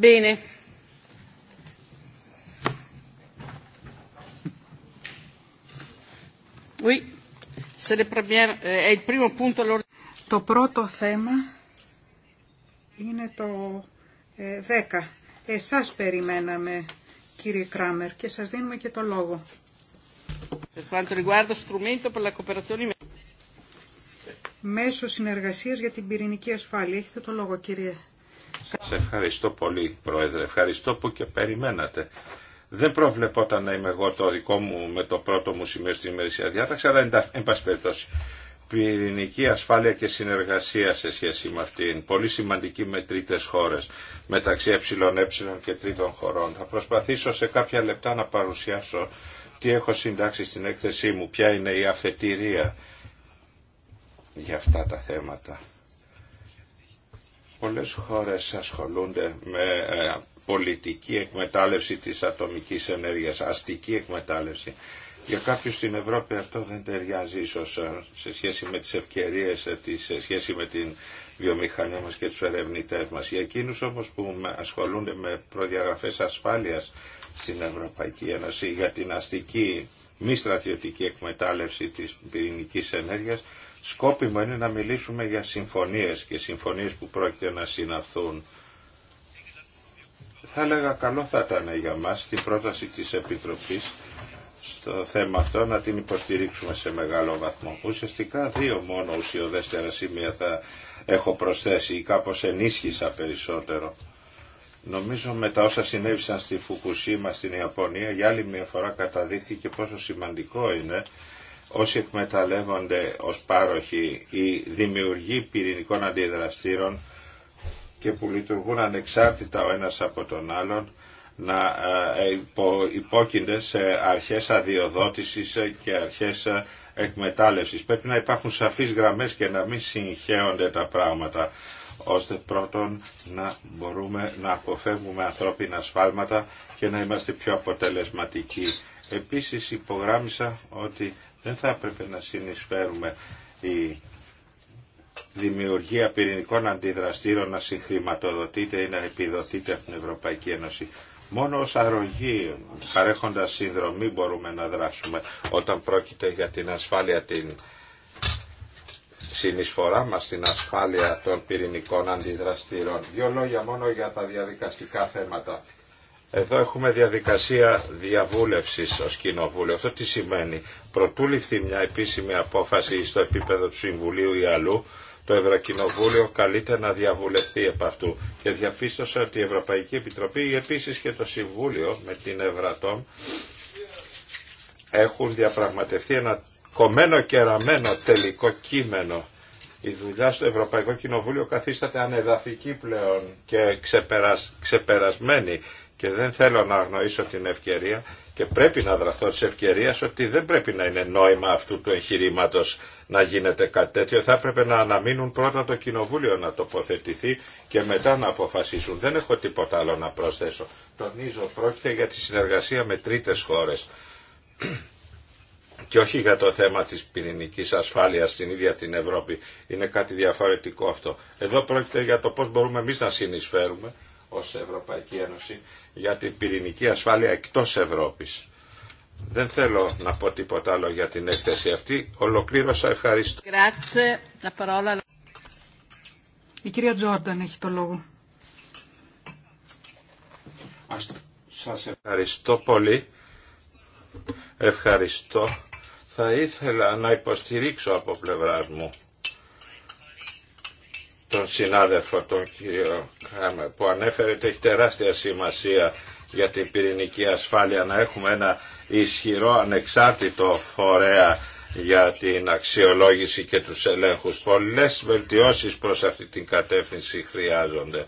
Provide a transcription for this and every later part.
Bene. Oui. Euh, το πρώτο θέμα είναι το 10. Ε, Εσάς περιμέναμε κύριε Κράμερ και σας δίνουμε και το λόγο. Μέσω συνεργασίας για την πυρηνική ασφάλεια. Έχετε το λόγο κύριε σε ευχαριστώ πολύ, Πρόεδρε. Ευχαριστώ που και περιμένατε. Δεν προβλεπόταν να είμαι εγώ το δικό μου με το πρώτο μου σημείο στην ημερησία διάταξη, αλλά εν πάση περιπτώσει. Πυρηνική ασφάλεια και συνεργασία σε σχέση με αυτήν. Πολύ σημαντική με τρίτε χώρε, μεταξύ ΕΕ και τρίτων χωρών. Θα προσπαθήσω σε κάποια λεπτά να παρουσιάσω τι έχω συντάξει στην έκθεσή μου, ποια είναι η αφετηρία για αυτά τα θέματα. Πολλές χώρες ασχολούνται με ε, πολιτική εκμετάλλευση της ατομικής ενέργειας, αστική εκμετάλλευση. Για κάποιους στην Ευρώπη αυτό δεν ταιριάζει ίσως ε, σε σχέση με τις ευκαιρίες, ε, σε σχέση με την βιομηχανία μας και τους ερευνητές μας. Για εκείνους όμως που ασχολούνται με προδιαγραφές ασφάλειας στην Ευρωπαϊκή Ένωση για την αστική μη στρατιωτική εκμετάλλευση της πυρηνικής ενέργειας, σκόπιμο είναι να μιλήσουμε για συμφωνίες και συμφωνίες που πρόκειται να συναυθούν. Θα έλεγα καλό θα ήταν για μας την πρόταση της Επιτροπής στο θέμα αυτό να την υποστηρίξουμε σε μεγάλο βαθμό. Ουσιαστικά δύο μόνο ουσιοδέστερα σημεία θα έχω προσθέσει ή κάπως ενίσχυσα περισσότερο. Νομίζω με τα όσα συνέβησαν στη Φουκουσίμα στην Ιαπωνία για άλλη μια φορά καταδείχθηκε πόσο σημαντικό είναι όσοι εκμεταλλεύονται ως πάροχοι ή δημιουργοί πυρηνικών αντιδραστήρων και που λειτουργούν ανεξάρτητα ο ένας από τον άλλον να ε, υπόκεινται σε αρχές αδειοδότησης και αρχές ε, εκμετάλλευσης. Πρέπει να υπάρχουν σαφείς γραμμές και να μην συγχέονται τα πράγματα ώστε πρώτον να μπορούμε να αποφεύγουμε ανθρώπινα σφάλματα και να είμαστε πιο αποτελεσματικοί. Επίσης υπογράμμισα ότι δεν θα έπρεπε να συνεισφέρουμε η δημιουργία πυρηνικών αντιδραστήρων να συγχρηματοδοτείται ή να επιδοθείται από την Ευρωπαϊκή Ένωση. Μόνο ως αρρωγή, παρέχοντας συνδρομή, μπορούμε να δράσουμε όταν πρόκειται για την ασφάλεια, την συνεισφορά μας στην ασφάλεια των πυρηνικών αντιδραστήρων. Δύο λόγια μόνο για τα διαδικαστικά θέματα. Εδώ έχουμε διαδικασία διαβούλευσης ως κοινοβούλιο. Αυτό τι σημαίνει. Προτού ληφθεί μια επίσημη απόφαση στο επίπεδο του Συμβουλίου ή αλλού, το Ευρωκοινοβούλιο καλείται να διαβουλευτεί επ' αυτού. Και διαπίστωσα ότι η Ευρωπαϊκή Επιτροπή, επίσης και το Συμβούλιο με την Ευρατόμ, έχουν διαπραγματευτεί ένα κομμένο και ραμμένο τελικό κείμενο. Η δουλειά στο Ευρωπαϊκό Κοινοβούλιο καθίσταται ανεδαφική πλέον και ξεπερασμένη και δεν θέλω να αγνοήσω την ευκαιρία και πρέπει να δραθώ τη ευκαιρία ότι δεν πρέπει να είναι νόημα αυτού του εγχειρήματο να γίνεται κάτι τέτοιο. Θα έπρεπε να αναμείνουν πρώτα το Κοινοβούλιο να τοποθετηθεί και μετά να αποφασίσουν. Δεν έχω τίποτα άλλο να προσθέσω. Τονίζω, πρόκειται για τη συνεργασία με τρίτε χώρε και όχι για το θέμα της πυρηνικής ασφάλειας στην ίδια την Ευρώπη. Είναι κάτι διαφορετικό αυτό. Εδώ πρόκειται για το πώς μπορούμε εμείς να συνεισφέρουμε ως Ευρωπαϊκή Ένωση για την πυρηνική ασφάλεια εκτός Ευρώπης. Δεν θέλω να πω τίποτα άλλο για την έκθεση αυτή. Ολοκλήρωσα. Ευχαριστώ. Η κυρία Τζόρνταν έχει το λόγο. Σας ευχαριστώ πολύ. Ευχαριστώ. Θα ήθελα να υποστηρίξω από πλευράς μου τον συνάδελφο, τον κύριο Κράμερ, που ανέφερε ότι έχει τεράστια σημασία για την πυρηνική ασφάλεια να έχουμε ένα ισχυρό ανεξάρτητο φορέα για την αξιολόγηση και τους ελέγχους. Πολλές βελτιώσεις προς αυτή την κατεύθυνση χρειάζονται.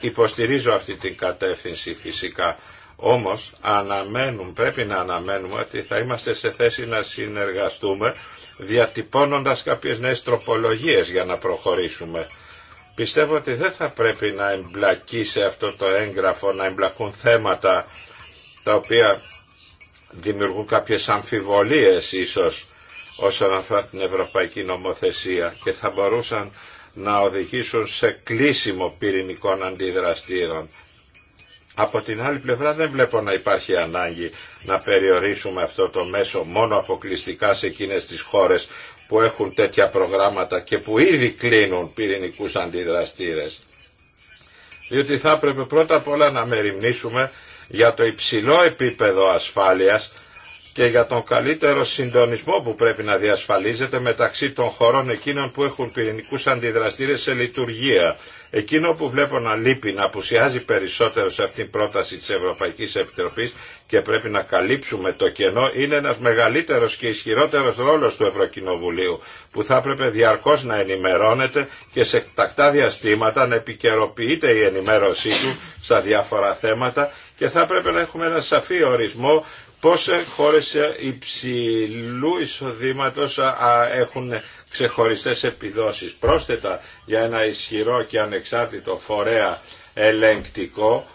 Υποστηρίζω αυτή την κατεύθυνση φυσικά. Όμως αναμένουν, πρέπει να αναμένουμε ότι θα είμαστε σε θέση να συνεργαστούμε διατυπώνοντας κάποιες νέες τροπολογίες για να προχωρήσουμε Πιστεύω ότι δεν θα πρέπει να εμπλακεί σε αυτό το έγγραφο, να εμπλακούν θέματα τα οποία δημιουργούν κάποιες αμφιβολίες ίσως όσον αφορά την ευρωπαϊκή νομοθεσία και θα μπορούσαν να οδηγήσουν σε κλείσιμο πυρηνικών αντιδραστήρων. Από την άλλη πλευρά δεν βλέπω να υπάρχει ανάγκη να περιορίσουμε αυτό το μέσο μόνο αποκλειστικά σε εκείνες τις χώρες που έχουν τέτοια προγράμματα και που ήδη κλείνουν πυρηνικούς αντιδραστήρες. Διότι θα έπρεπε πρώτα απ' όλα να μεριμνήσουμε για το υψηλό επίπεδο ασφάλειας και για τον καλύτερο συντονισμό που πρέπει να διασφαλίζεται μεταξύ των χωρών εκείνων που έχουν πυρηνικού αντιδραστήρε σε λειτουργία. Εκείνο που βλέπω να λείπει, να απουσιάζει περισσότερο σε αυτήν την πρόταση τη Ευρωπαϊκή Επιτροπή και πρέπει να καλύψουμε το κενό, είναι ένα μεγαλύτερο και ισχυρότερο ρόλο του Ευρωκοινοβουλίου, που θα έπρεπε διαρκώ να ενημερώνεται και σε τακτά διαστήματα να επικαιροποιείται η ενημέρωσή του στα διάφορα θέματα και θα έπρεπε να έχουμε ένα σαφή ορισμό πώς ε, χώρες ε, υψηλού εισοδήματος ε, έχουν ξεχωριστές επιδόσεις. Πρόσθετα για ένα ισχυρό και ανεξάρτητο φορέα ελεγκτικό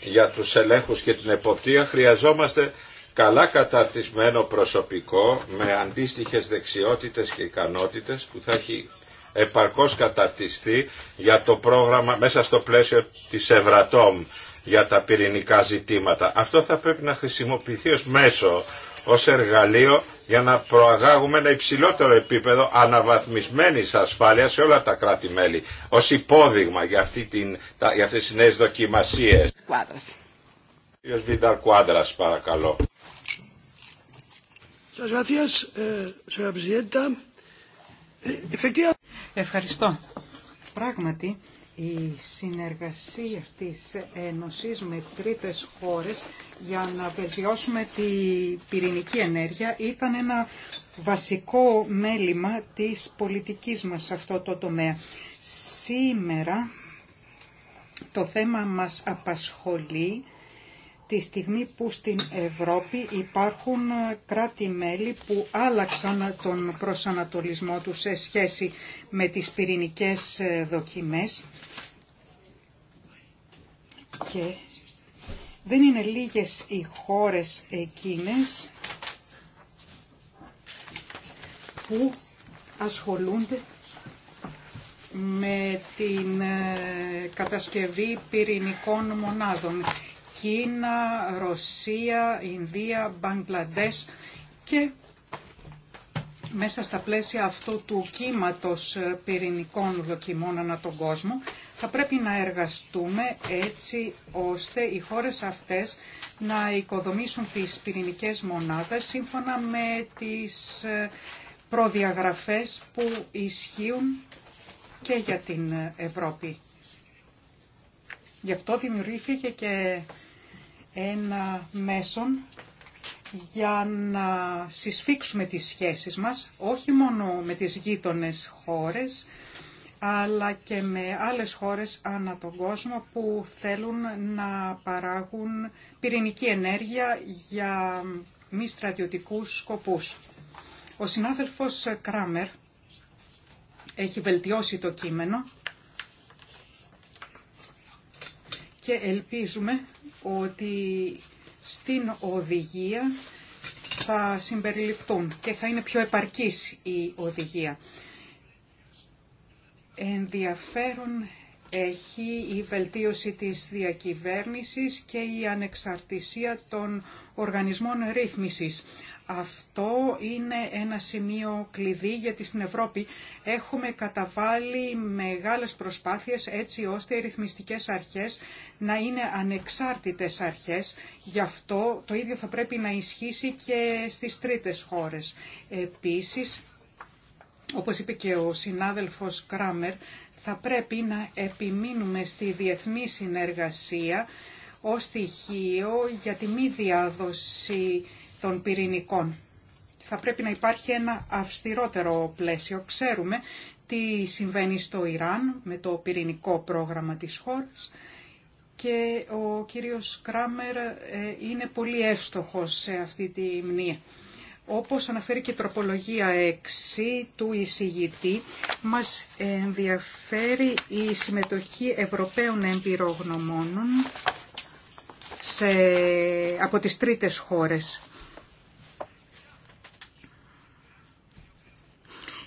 για τους ελέγχους και την εποπτεία χρειαζόμαστε καλά καταρτισμένο προσωπικό με αντίστοιχες δεξιότητες και ικανότητες που θα έχει επαρκώς καταρτιστεί για το πρόγραμμα μέσα στο πλαίσιο της Ευρατόμ για τα πυρηνικά ζητήματα. Αυτό θα πρέπει να χρησιμοποιηθεί ως μέσο, ως εργαλείο για να προαγάγουμε ένα υψηλότερο επίπεδο αναβαθμισμένης ασφάλειας σε όλα τα κράτη-μέλη, ως υπόδειγμα για, αυτή την, τα, για αυτές τις νέες δοκιμασίες. Κουάδρας. Κύριος Βίνταρ παρακαλώ. Ε, ε, Ευχαριστώ. Πράγματι, η συνεργασία της Ένωσης με τρίτες χώρες για να βελτιώσουμε τη πυρηνική ενέργεια ήταν ένα βασικό μέλημα της πολιτικής μας σε αυτό το τομέα. Σήμερα το θέμα μας απασχολεί τη στιγμή που στην Ευρώπη υπάρχουν ε, κράτη-μέλη που άλλαξαν ε, τον προσανατολισμό τους σε σχέση με τις πυρηνικές ε, δοκιμές και δεν είναι λίγες οι χώρες εκείνες που ασχολούνται με την κατασκευή πυρηνικών μονάδων Κίνα, Ρωσία, Ινδία, Μπαγκλαντές και μέσα στα πλαίσια αυτού του κύματος ε, πυρηνικών δοκιμών ανά τον κόσμο, θα πρέπει να εργαστούμε έτσι ώστε οι χώρες αυτές να οικοδομήσουν τις πυρηνικές μονάδες σύμφωνα με τις ε, προδιαγραφές που ισχύουν και για την ε, Ευρώπη. Γι' αυτό δημιουργήθηκε και ένα μέσον για να συσφίξουμε τις σχέσεις μας, όχι μόνο με τις γείτονες χώρες, αλλά και με άλλες χώρες ανά τον κόσμο που θέλουν να παράγουν πυρηνική ενέργεια για μη στρατιωτικούς σκοπούς. Ο συνάδελφος Κράμερ έχει βελτιώσει το κείμενο και ελπίζουμε ότι στην οδηγία θα συμπεριληφθούν και θα είναι πιο επαρκής η οδηγία. Ενδιαφέρον έχει η βελτίωση της διακυβέρνησης και η ανεξαρτησία των οργανισμών ρύθμισης. Αυτό είναι ένα σημείο κλειδί γιατί στην Ευρώπη έχουμε καταβάλει μεγάλες προσπάθειες έτσι ώστε οι ρυθμιστικές αρχές να είναι ανεξάρτητες αρχές. Γι' αυτό το ίδιο θα πρέπει να ισχύσει και στις τρίτες χώρες. Επίσης, όπως είπε και ο συνάδελφος Κράμερ, θα πρέπει να επιμείνουμε στη διεθνή συνεργασία ως στοιχείο για τη μη διάδοση των πυρηνικών. Θα πρέπει να υπάρχει ένα αυστηρότερο πλαίσιο. Ξέρουμε τι συμβαίνει στο Ιράν με το πυρηνικό πρόγραμμα της χώρας και ο κύριος Κράμερ ε, είναι πολύ εύστοχος σε αυτή τη μνήμα. Όπως αναφέρει και η τροπολογία 6 του εισηγητή, μας ενδιαφέρει η συμμετοχή Ευρωπαίων εμπειρογνωμόνων σε, από τις τρίτες χώρες.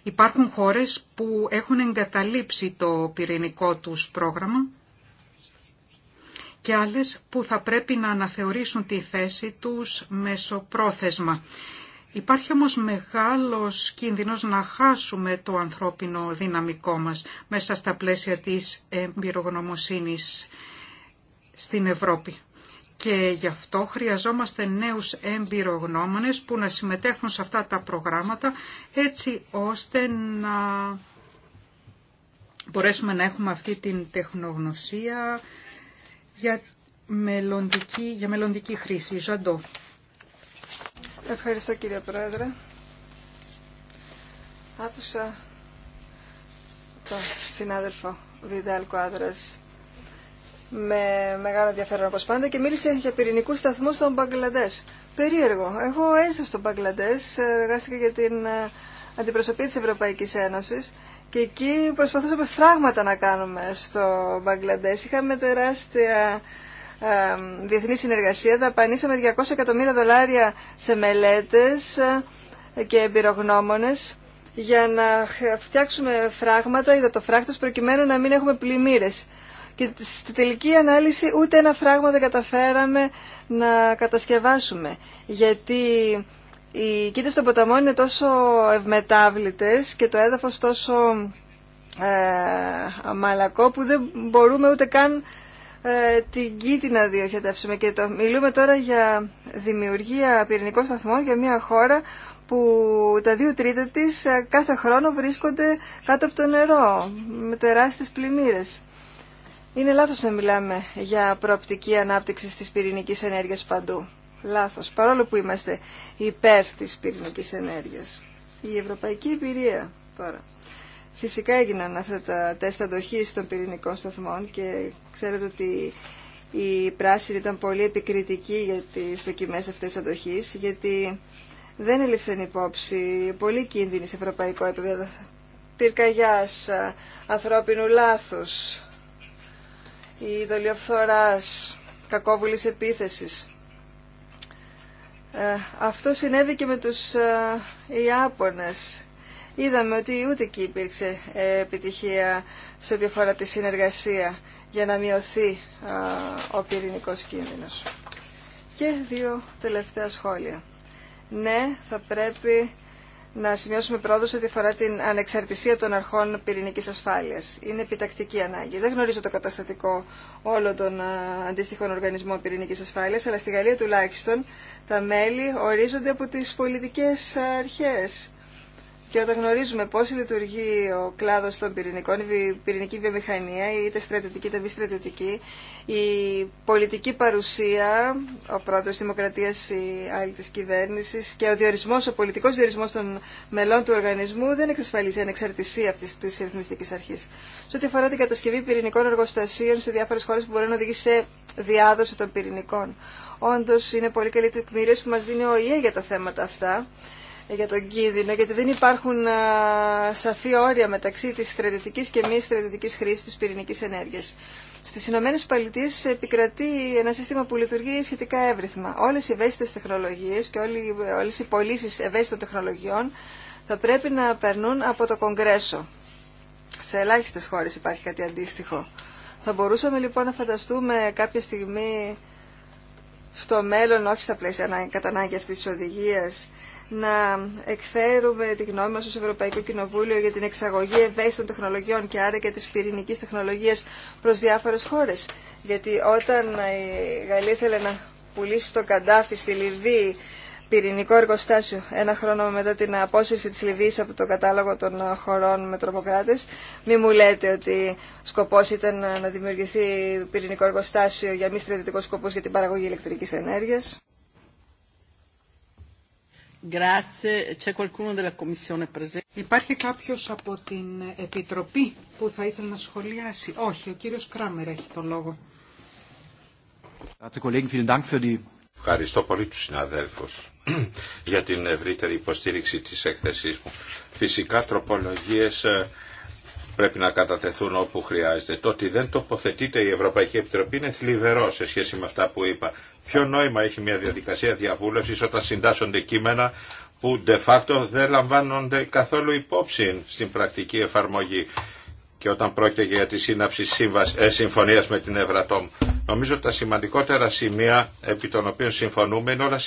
Υπάρχουν χώρες που έχουν εγκαταλείψει το πυρηνικό τους πρόγραμμα και άλλες που θα πρέπει να αναθεωρήσουν τη θέση τους μεσοπρόθεσμα. Υπάρχει όμως μεγάλος κίνδυνος να χάσουμε το ανθρώπινο δυναμικό μας μέσα στα πλαίσια της εμπειρογνωμοσύνης στην Ευρώπη και γι' αυτό χρειαζόμαστε νέους εμπειρογνώμονες που να συμμετέχουν σε αυτά τα προγράμματα έτσι ώστε να μπορέσουμε να έχουμε αυτή την τεχνογνωσία για μελλοντική, για μελλοντική χρήση. Ζαντώ. Ευχαριστώ κύριε Πρόεδρε. Άκουσα τον συνάδελφο Βιντάλ Κουάδρας με μεγάλο ενδιαφέρον όπως πάντα και μίλησε για πυρηνικού σταθμού στον Μπαγκλαντές. Περίεργο. Εγώ έζησα στον Μπαγκλαντές, εργάστηκα για την ε, αντιπροσωπή της Ευρωπαϊκής Ένωσης και εκεί προσπαθούσαμε φράγματα να κάνουμε στο Μπαγκλαντές. Είχαμε τεράστια ε, διεθνή συνεργασία, δαπανίσαμε 200 εκατομμύρια δολάρια σε μελέτες ε, και εμπειρογνώμονες για να φτιάξουμε φράγματα, υδατοφράκτες, προκειμένου να μην έχουμε πλημμύρες και στη τελική ανάλυση ούτε ένα φράγμα δεν καταφέραμε να κατασκευάσουμε. Γιατί οι κοίτε των ποταμών είναι τόσο ευμετάβλητες και το έδαφος τόσο ε, αμαλακό που δεν μπορούμε ούτε καν ε, την κήτη να διοχετεύσουμε. Και το, μιλούμε τώρα για δημιουργία πυρηνικών σταθμών για μια χώρα που τα δύο τρίτα της ε, κάθε χρόνο βρίσκονται κάτω από το νερό με τεράστιες πλημμύρες. Είναι λάθος να μιλάμε για προοπτική ανάπτυξη της πυρηνικής ενέργειας παντού. Λάθος, παρόλο που είμαστε υπέρ της πυρηνικής ενέργειας. Η ευρωπαϊκή εμπειρία τώρα. Φυσικά έγιναν αυτά τα τεστ αντοχής των πυρηνικών σταθμών και ξέρετε ότι η πράσινη ήταν πολύ επικριτική για τις δοκιμές αυτές αντοχής, γιατί δεν έλεξαν υπόψη πολύ κίνδυνη σε ευρωπαϊκό επίπεδο πυρκαγιάς, ανθρώπινου λάθους, η δολιοφθοράς, κακόβουλης επίθεσης. Ε, αυτό συνέβη και με τους ε, Ιάπωνες. Είδαμε ότι ούτε εκεί υπήρξε ε, επιτυχία σε ό,τι αφορά τη συνεργασία για να μειωθεί ε, ο πυρηνικός κίνδυνος. Και δύο τελευταία σχόλια. Ναι, θα πρέπει να σημειώσουμε πρόοδο ότι αφορά την ανεξαρτησία των αρχών πυρηνική ασφάλεια. Είναι επιτακτική ανάγκη. Δεν γνωρίζω το καταστατικό όλων των αντίστοιχων οργανισμών πυρηνική ασφάλεια, αλλά στη Γαλλία τουλάχιστον τα μέλη ορίζονται από τι πολιτικέ αρχέ. Και όταν γνωρίζουμε πώς λειτουργεί ο κλάδος των πυρηνικών, η πυρηνική βιομηχανία, είτε στρατιωτική είτε μη στρατιωτική, η πολιτική παρουσία, ο πρόεδρος της Δημοκρατίας, η άλλη της κυβέρνησης και ο διορισμός, ο πολιτικός διορισμός των μελών του οργανισμού δεν εξασφαλίζει ανεξαρτησία αυτής της ρυθμιστικής αρχής. Σε ό,τι αφορά την κατασκευή πυρηνικών εργοστασίων σε διάφορες χώρες που μπορεί να οδηγήσει σε διάδοση των πυρηνικών. Όντω είναι πολύ καλή τεκμηρία που μα δίνει ο ΙΕ για τα θέματα αυτά για τον κίνδυνο, γιατί δεν υπάρχουν σαφή όρια μεταξύ της στρατιωτικής και μη στρατιωτικής χρήσης της πυρηνικής ενέργειας. Στις Ηνωμένε Πολιτείε επικρατεί ένα σύστημα που λειτουργεί σχετικά εύρυθμα. Όλες οι ευαίσθητες τεχνολογίες και όλες οι πωλήσει ευαίσθητων τεχνολογιών θα πρέπει να περνούν από το Κογκρέσο. Σε ελάχιστες χώρες υπάρχει κάτι αντίστοιχο. Θα μπορούσαμε λοιπόν να φανταστούμε κάποια στιγμή στο μέλλον, όχι στα πλαίσια κατά ανάγκη αυτής της οδηγίας, να εκφέρουμε τη γνώμη μας ως Ευρωπαϊκό Κοινοβούλιο για την εξαγωγή ευαίσθητων τεχνολογιών και άρα και της πυρηνικής τεχνολογίας προς διάφορες χώρες. Γιατί όταν η Γαλλία ήθελε να πουλήσει το καντάφι στη Λιβύη πυρηνικό εργοστάσιο ένα χρόνο μετά την απόσυρση της Λιβύης από το κατάλογο των χωρών με τρομοκράτες. Μη μου λέτε ότι σκοπός ήταν να δημιουργηθεί πυρηνικό εργοστάσιο για μη στρατιωτικό σκοπό για την παραγωγή ηλεκτρικής ενέργειας. Υπάρχει κάποιος από την Επιτροπή που θα ήθελε να σχολιάσει. Όχι, ο κύριος Κράμερ έχει τον λόγο. Ευχαριστώ πολύ τους συναδέλφους για την ευρύτερη υποστήριξη της έκθεσής μου. Φυσικά τροπολογίες ε, πρέπει να κατατεθούν όπου χρειάζεται. Το ότι δεν τοποθετείται η Ευρωπαϊκή Επιτροπή είναι θλιβερό σε σχέση με αυτά που είπα. Ποιο νόημα έχει μια διαδικασία διαβούλευσης όταν συντάσσονται κείμενα που de facto δεν λαμβάνονται καθόλου υπόψη στην πρακτική εφαρμογή και όταν πρόκειται για τη σύναψη ε, συμφωνίας με την Ευρατόμ. Νομίζω ότι τα σημαντικότερα σημεία επί των οποίων συμφωνούμε είναι όλα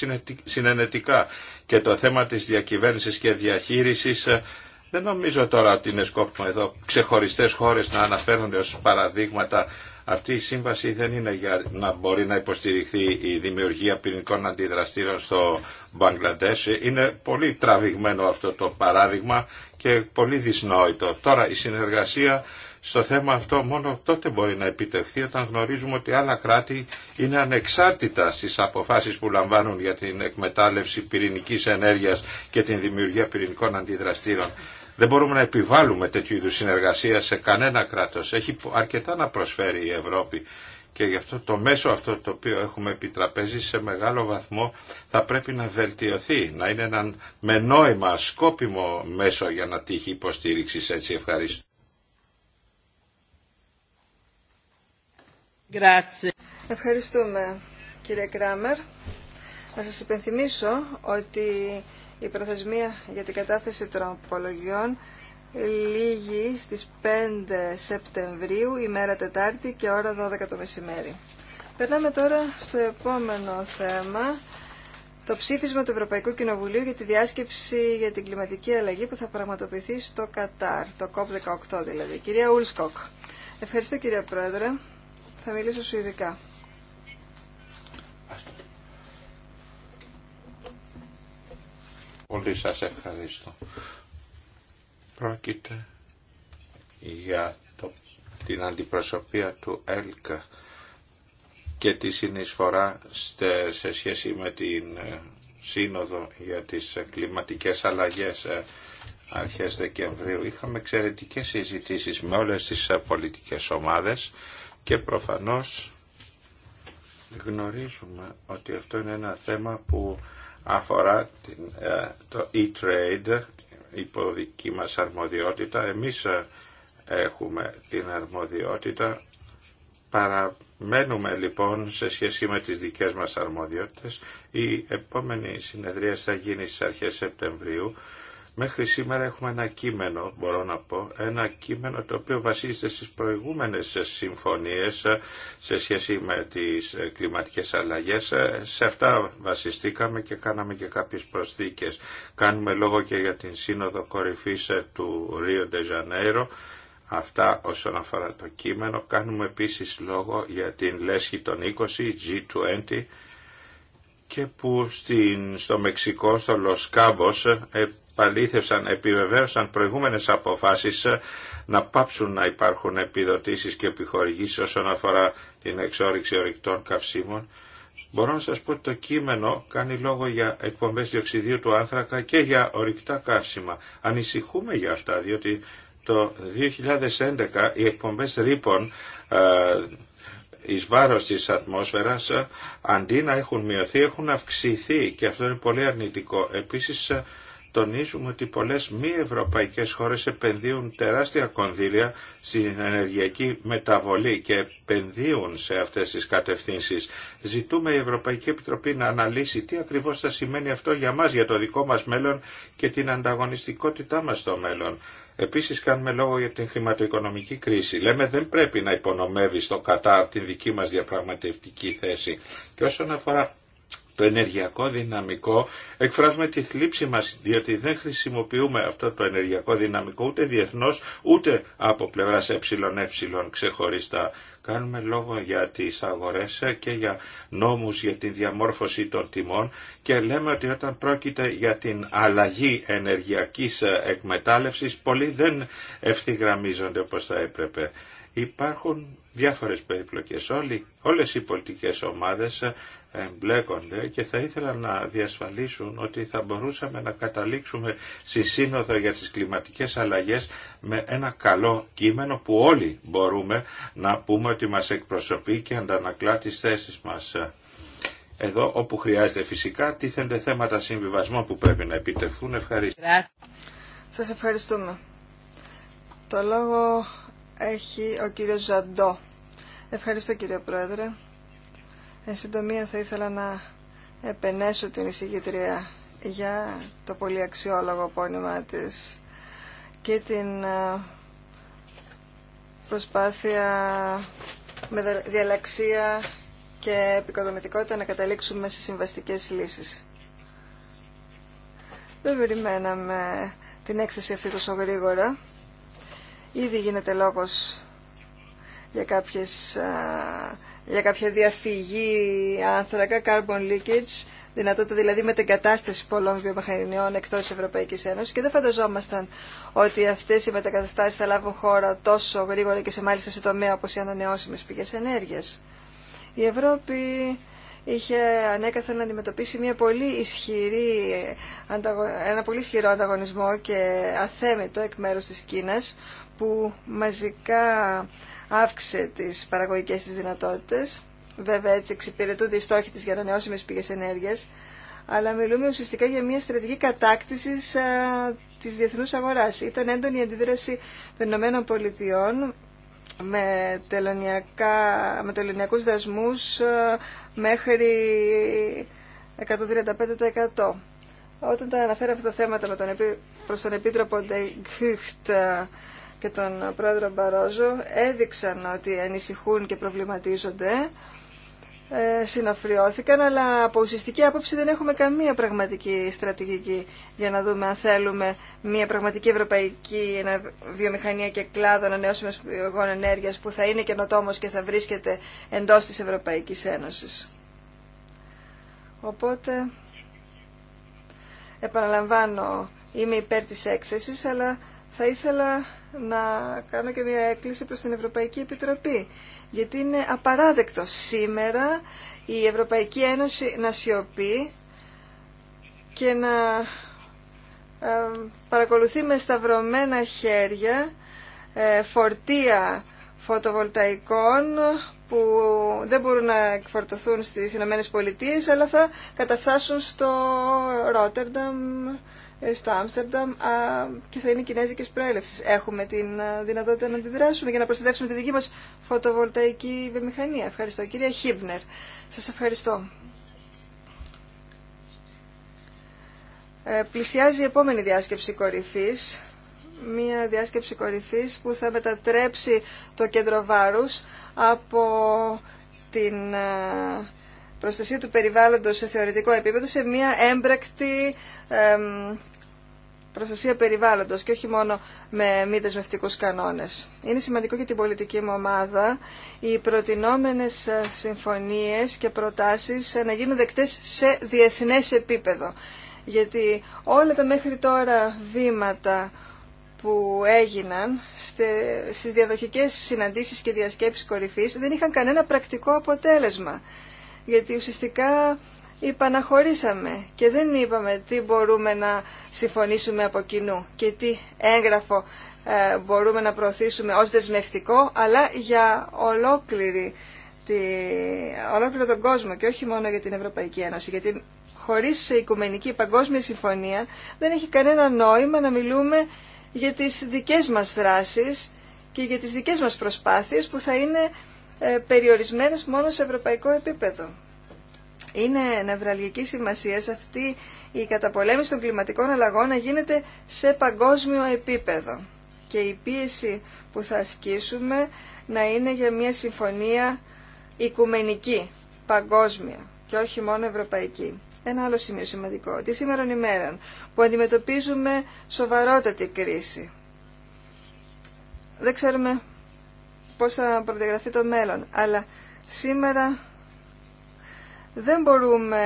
συνενετικά και το θέμα της διακυβέρνησης και διαχείρισης ε, δεν νομίζω τώρα ότι είναι σκόπιμο εδώ ξεχωριστές χώρες να αναφέρονται ως παραδείγματα. Αυτή η σύμβαση δεν είναι για να μπορεί να υποστηριχθεί η δημιουργία ποινικών αντιδραστήρων στο Μπαγκλαντές. Είναι πολύ τραβηγμένο αυτό το παράδειγμα και πολύ δυσνόητο. Τώρα η συνεργασία στο θέμα αυτό μόνο τότε μπορεί να επιτευχθεί όταν γνωρίζουμε ότι άλλα κράτη είναι ανεξάρτητα στις αποφάσεις που λαμβάνουν για την εκμετάλλευση πυρηνικής ενέργειας και την δημιουργία πυρηνικών αντιδραστήρων. Δεν μπορούμε να επιβάλλουμε τέτοιου είδους συνεργασία σε κανένα κράτος. Έχει αρκετά να προσφέρει η Ευρώπη και γι' αυτό το μέσο αυτό το οποίο έχουμε επιτραπέζει σε μεγάλο βαθμό θα πρέπει να βελτιωθεί, να είναι ένα με νόημα, σκόπιμο μέσο για να τύχει υποστήριξη. Έτσι ευχαριστώ. Ευχαριστούμε κύριε Κράμερ. Να σας υπενθυμίσω ότι η προθεσμία για την κατάθεση τροπολογιών λίγη στις 5 Σεπτεμβρίου, ημέρα Τετάρτη και ώρα 12 το μεσημέρι. Περνάμε τώρα στο επόμενο θέμα, το ψήφισμα του Ευρωπαϊκού Κοινοβουλίου για τη διάσκεψη για την κλιματική αλλαγή που θα πραγματοποιηθεί στο Κατάρ, το COP18 δηλαδή. Κυρία Ουλσκοκ, ευχαριστώ κυρία Πρόεδρε, θα μιλήσω σου ειδικά. Πολύ σας ευχαριστώ. Πρόκειται για το, την αντιπροσωπεία του ΕΛΚΑ και τη συνεισφορά σε, σχέση με την ε, Σύνοδο για τις ε, κλιματικές αλλαγές ε, αρχές Δεκεμβρίου. Είχαμε εξαιρετικέ συζητήσεις με όλες τις πολιτικές ομάδες και προφανώς γνωρίζουμε ότι αυτό είναι ένα θέμα που αφορά το e-trade υπό δική μας αρμοδιότητα. Εμείς ε, έχουμε την αρμοδιότητα. Παραμένουμε λοιπόν σε σχέση με τις δικές μας αρμοδιότητες. Η επόμενη συνεδρία θα γίνει στις αρχές Σεπτεμβρίου Μέχρι σήμερα έχουμε ένα κείμενο, μπορώ να πω, ένα κείμενο το οποίο βασίζεται στις προηγούμενες συμφωνίες σε σχέση με τις κλιματικές αλλαγές. Σε αυτά βασιστήκαμε και κάναμε και κάποιες προσθήκες. Κάνουμε λόγο και για την Σύνοδο Κορυφής του Ρίο Ντεζανέιρο. Αυτά όσον αφορά το κείμενο. Κάνουμε επίσης λόγο για την Λέσχη των 20, G20, και που στο Μεξικό, στο Λοσκάμπος, παλήθευσαν, επιβεβαίωσαν προηγούμενες αποφάσεις να πάψουν να υπάρχουν επιδοτήσεις και επιχορηγήσεις όσον αφορά την εξόριξη ορυκτών καυσίμων. Μπορώ να σας πω ότι το κείμενο κάνει λόγο για εκπομπές διοξιδίου του άνθρακα και για ορυκτά καύσιμα. Ανησυχούμε για αυτά, διότι το 2011 οι εκπομπές ρήπων ε, εις βάρος της ατμόσφαιρας ε, αντί να έχουν μειωθεί έχουν αυξηθεί και αυτό είναι πολύ αρνητικό. Επίσης ε, τονίζουμε ότι πολλές μη ευρωπαϊκές χώρες επενδύουν τεράστια κονδύλια στην ενεργειακή μεταβολή και επενδύουν σε αυτές τις κατευθύνσεις. Ζητούμε η Ευρωπαϊκή Επιτροπή να αναλύσει τι ακριβώς θα σημαίνει αυτό για μας, για το δικό μας μέλλον και την ανταγωνιστικότητά μας στο μέλλον. Επίση, κάνουμε λόγο για την χρηματοοικονομική κρίση. Λέμε δεν πρέπει να υπονομεύει στο κατά την δική μα διαπραγματευτική θέση. Και όσον αφορά το ενεργειακό δυναμικό. Εκφράζουμε τη θλίψη μας διότι δεν χρησιμοποιούμε αυτό το ενεργειακό δυναμικό ούτε διεθνώς ούτε από πλευράς ΕΕ ξεχωριστά. Κάνουμε λόγο για τις αγορές και για νόμους για τη διαμόρφωση των τιμών και λέμε ότι όταν πρόκειται για την αλλαγή ενεργειακής εκμετάλλευσης πολλοί δεν ευθυγραμμίζονται όπως θα έπρεπε. Υπάρχουν διάφορες περιπλοκές. Όλοι, όλες οι πολιτικές ομάδες εμπλέκονται και θα ήθελα να διασφαλίσουν ότι θα μπορούσαμε να καταλήξουμε στη Σύνοδο για τις κλιματικές αλλαγές με ένα καλό κείμενο που όλοι μπορούμε να πούμε ότι μας εκπροσωπεί και αντανακλά τις θέσεις μας. Εδώ όπου χρειάζεται φυσικά τίθενται θέματα συμβιβασμών που πρέπει να επιτευχθούν. Ευχαριστώ. Σας ευχαριστούμε. Το λόγο έχει ο κύριος Ζαντό. Ευχαριστώ κύριε Πρόεδρε. Εν συντομία θα ήθελα να επενέσω την εισηγητρία για το πολύ αξιόλογο απόνημά της και την ε, προσπάθεια με διαλαξία και επικοδομητικότητα να καταλήξουμε σε συμβαστικές λύσεις. Δεν περιμέναμε την έκθεση αυτή τόσο γρήγορα. Ήδη γίνεται λόγος για κάποιες ε, για κάποια διαφυγή άνθρακα, carbon leakage, δυνατότητα δηλαδή με την κατάσταση πολλών βιομηχανιών εκτός της Ευρωπαϊκής Ένωσης και δεν φανταζόμασταν ότι αυτές οι μετακαταστάσεις θα λάβουν χώρα τόσο γρήγορα και σε μάλιστα σε τομέα όπως οι ανανεώσιμες πηγές ενέργειας. Η Ευρώπη είχε ανέκαθεν να αντιμετωπίσει μια πολύ ισχυρή, ένα πολύ ισχυρό ανταγωνισμό και αθέμητο εκ μέρους της Κίνας που μαζικά αύξησε τις παραγωγικές της δυνατότητες. Βέβαια έτσι εξυπηρετούνται οι στόχοι της για ανανεώσιμες πηγές ενέργειας, αλλά μιλούμε ουσιαστικά για μια στρατηγική κατάκτηση της διεθνούς αγοράς. Ήταν έντονη η αντίδραση των Ηνωμένων Πολιτειών με, με τελωνιακούς δασμούς μέχρι 135%. Όταν τα αναφέραμε αυτά τα θέματα με τον, προς τον Επίτροπο και τον πρόεδρο Μπαρόζο έδειξαν ότι ανησυχούν και προβληματίζονται, ε, συναφριώθηκαν, αλλά από ουσιαστική άποψη δεν έχουμε καμία πραγματική στρατηγική για να δούμε αν θέλουμε μια πραγματική ευρωπαϊκή βιομηχανία και κλάδο ανανεώσιμων πηγών ενέργεια που θα είναι καινοτόμο και θα βρίσκεται εντό τη Ευρωπαϊκή Ένωση. Οπότε, επαναλαμβάνω, είμαι υπέρ της έκθεσης, αλλά θα ήθελα να κάνω και μια έκκληση προς την Ευρωπαϊκή Επιτροπή. Γιατί είναι απαράδεκτο σήμερα η Ευρωπαϊκή Ένωση να σιωπεί και να ε, παρακολουθεί με σταυρωμένα χέρια ε, φορτία φωτοβολταϊκών που δεν μπορούν να εκφορτωθούν στις Ηνωμένε Πολιτείες αλλά θα καταφτάσουν στο Ρότερνταμ ε, στο Άμστερνταμ και θα είναι κινέζικες προέλευσης. Έχουμε τη ε, δυνατότητα να αντιδράσουμε για να προστατεύσουμε τη δική μας φωτοβολταϊκή βιομηχανία. Ευχαριστώ. Κυρία Χίμπνερ, σας ευχαριστώ. Ε, πλησιάζει η επόμενη διάσκεψη κορυφής, μια διάσκεψη κορυφής που θα μετατρέψει το κέντρο βάρους από την προστασία του περιβάλλοντος σε θεωρητικό επίπεδο σε μια έμπρακτη προστασία περιβάλλοντος και όχι μόνο με μη δεσμευτικού κανόνες. Είναι σημαντικό για την πολιτική μου ομάδα οι προτινόμενες ε, συμφωνίες και προτάσεις ε, να γίνουν δεκτές σε διεθνές επίπεδο. Γιατί όλα τα μέχρι τώρα βήματα που έγιναν στις διαδοχικές συναντήσεις και διασκέψεις κορυφής δεν είχαν κανένα πρακτικό αποτέλεσμα γιατί ουσιαστικά υπαναχωρήσαμε και δεν είπαμε τι μπορούμε να συμφωνήσουμε από κοινού και τι έγγραφο ε, μπορούμε να προωθήσουμε ως δεσμευτικό, αλλά για ολόκληρη τη, ολόκληρο τον κόσμο και όχι μόνο για την Ευρωπαϊκή Ένωση. Γιατί χωρίς οικουμενική παγκόσμια συμφωνία δεν έχει κανένα νόημα να μιλούμε για τις δικές μας δράσεις και για τις δικές μας προσπάθειες που θα είναι ε, περιορισμένες μόνο σε ευρωπαϊκό επίπεδο. Είναι νευραλγική σημασία σε αυτή η καταπολέμηση των κλιματικών αλλαγών να γίνεται σε παγκόσμιο επίπεδο και η πίεση που θα ασκήσουμε να είναι για μια συμφωνία οικουμενική, παγκόσμια και όχι μόνο ευρωπαϊκή. Ένα άλλο σημείο σημαντικό, ότι σήμερα μέρα που αντιμετωπίζουμε σοβαρότατη κρίση. Δεν ξέρουμε πώς θα προδιαγραφεί το μέλλον. Αλλά σήμερα δεν μπορούμε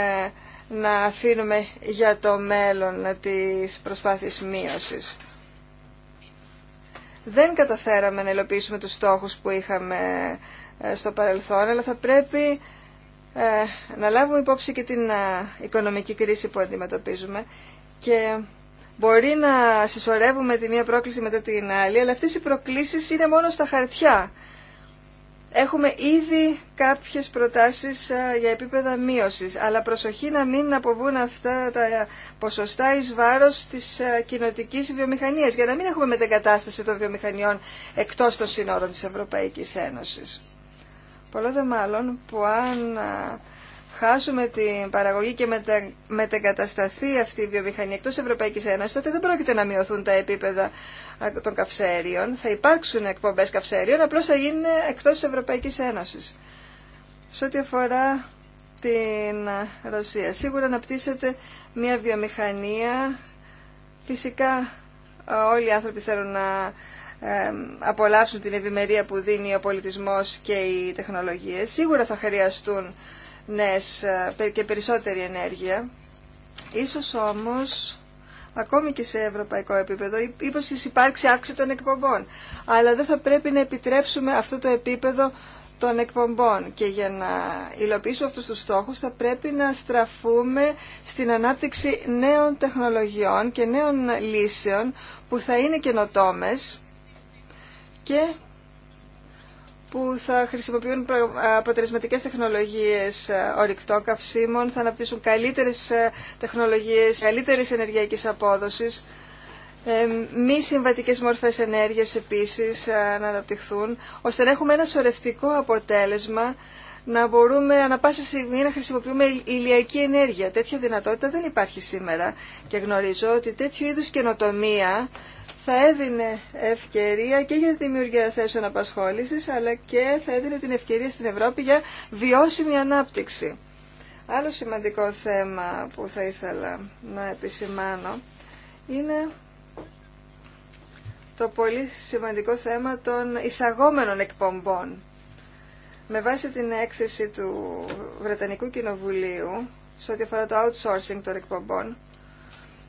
να αφήνουμε για το μέλλον τις προσπάθειες μείωσης. Δεν καταφέραμε να υλοποιήσουμε τους στόχους που είχαμε ε, στο παρελθόν, αλλά θα πρέπει ε, να λάβουμε υπόψη και την ε, οικονομική κρίση που αντιμετωπίζουμε και Μπορεί να συσσωρεύουμε τη μία πρόκληση μετά την άλλη, αλλά αυτές οι προκλήσεις είναι μόνο στα χαρτιά. Έχουμε ήδη κάποιες προτάσεις ε, για επίπεδα μείωσης, αλλά προσοχή να μην αποβούν αυτά τα ποσοστά εις βάρος της ε, κοινοτικής βιομηχανίας, για να μην έχουμε μετεγκατάσταση των βιομηχανιών εκτός των σύνορων της Ευρωπαϊκής Ένωσης. μάλλον που αν ε, χάσουμε την παραγωγή και μετα... μετεγκατασταθεί αυτή η βιομηχανία εκτός Ευρωπαϊκής Ένωσης, τότε δεν πρόκειται να μειωθούν τα επίπεδα των καυσέριων. Θα υπάρξουν εκπομπές καυσέριων, απλώς θα γίνουν εκτός της Ευρωπαϊκής Ένωσης. Σε ό,τι αφορά την Ρωσία, σίγουρα αναπτύσσεται μια βιομηχανία. Φυσικά όλοι οι άνθρωποι θέλουν να απολαύσουν την ευημερία που δίνει ο πολιτισμός και οι τεχνολογίες. Σίγουρα θα χρειαστούν νέες ε, και περισσότερη ενέργεια. Ίσως όμως, ακόμη και σε ευρωπαϊκό επίπεδο, ίσως υπάρξει άξιο των εκπομπών. Αλλά δεν θα πρέπει να επιτρέψουμε αυτό το επίπεδο των εκπομπών και για να υλοποιήσουμε αυτούς τους στόχους θα πρέπει να στραφούμε στην ανάπτυξη νέων τεχνολογιών και νέων λύσεων που θα είναι καινοτόμε και που θα χρησιμοποιούν αποτελεσματικέ τεχνολογίες ε, ορυκτών καυσίμων, θα αναπτύσσουν καλύτερες ε, τεχνολογίες, καλύτερες ενεργειακή απόδοσης, ε, μη συμβατικές μορφές ενέργειας επίσης να αναπτυχθούν, ώστε να έχουμε ένα σωρευτικό αποτέλεσμα να μπορούμε ανα πάσα στιγμή να χρησιμοποιούμε ηλιακή ενέργεια. Τέτοια δυνατότητα δεν υπάρχει σήμερα και γνωρίζω ότι τέτοιου είδους καινοτομία θα έδινε ευκαιρία και για τη δημιουργία θέσεων απασχόλησης, αλλά και θα έδινε την ευκαιρία στην Ευρώπη για βιώσιμη ανάπτυξη. Άλλο σημαντικό θέμα που θα ήθελα να επισημάνω είναι το πολύ σημαντικό θέμα των εισαγόμενων εκπομπών. Με βάση την έκθεση του Βρετανικού Κοινοβουλίου, σε ό,τι αφορά το outsourcing των εκπομπών,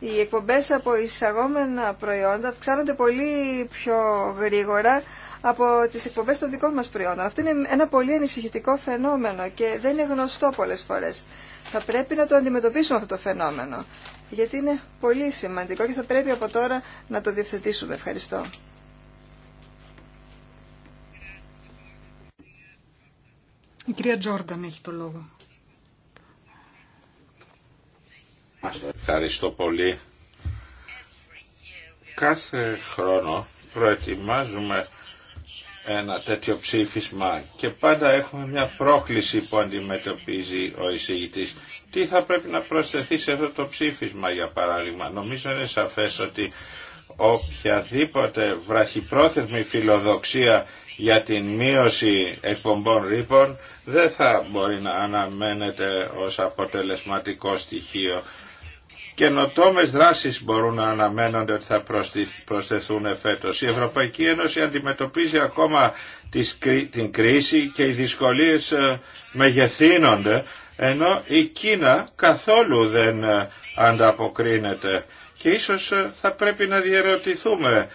οι εκπομπές από εισαγόμενα προϊόντα αυξάνονται πολύ πιο γρήγορα από τις εκπομπές των δικών μας προϊόντων. Αυτό είναι ένα πολύ ανησυχητικό φαινόμενο και δεν είναι γνωστό πολλές φορές. Θα πρέπει να το αντιμετωπίσουμε αυτό το φαινόμενο, γιατί είναι πολύ σημαντικό και θα πρέπει από τώρα να το διευθετήσουμε. Ευχαριστώ. Η κυρία Τζόρνταν έχει το λόγο. Ευχαριστώ πολύ. Κάθε χρόνο προετοιμάζουμε ένα τέτοιο ψήφισμα και πάντα έχουμε μια πρόκληση που αντιμετωπίζει ο εισηγητής. Τι θα πρέπει να προσθεθεί σε αυτό το ψήφισμα για παράδειγμα. Νομίζω είναι σαφές ότι οποιαδήποτε βραχυπρόθεσμη φιλοδοξία για την μείωση εκπομπών ρήπων δεν θα μπορεί να αναμένεται ως αποτελεσματικό στοιχείο Καινοτόμε δράσεις μπορούν να αναμένονται ότι θα προσθεθούν φέτο. Η Ευρωπαϊκή Ένωση αντιμετωπίζει ακόμα την κρίση και οι δυσκολίες ε, μεγεθύνονται, ενώ η Κίνα καθόλου δεν ε, ανταποκρίνεται. Και ίσως ε, θα πρέπει να διερωτηθούμε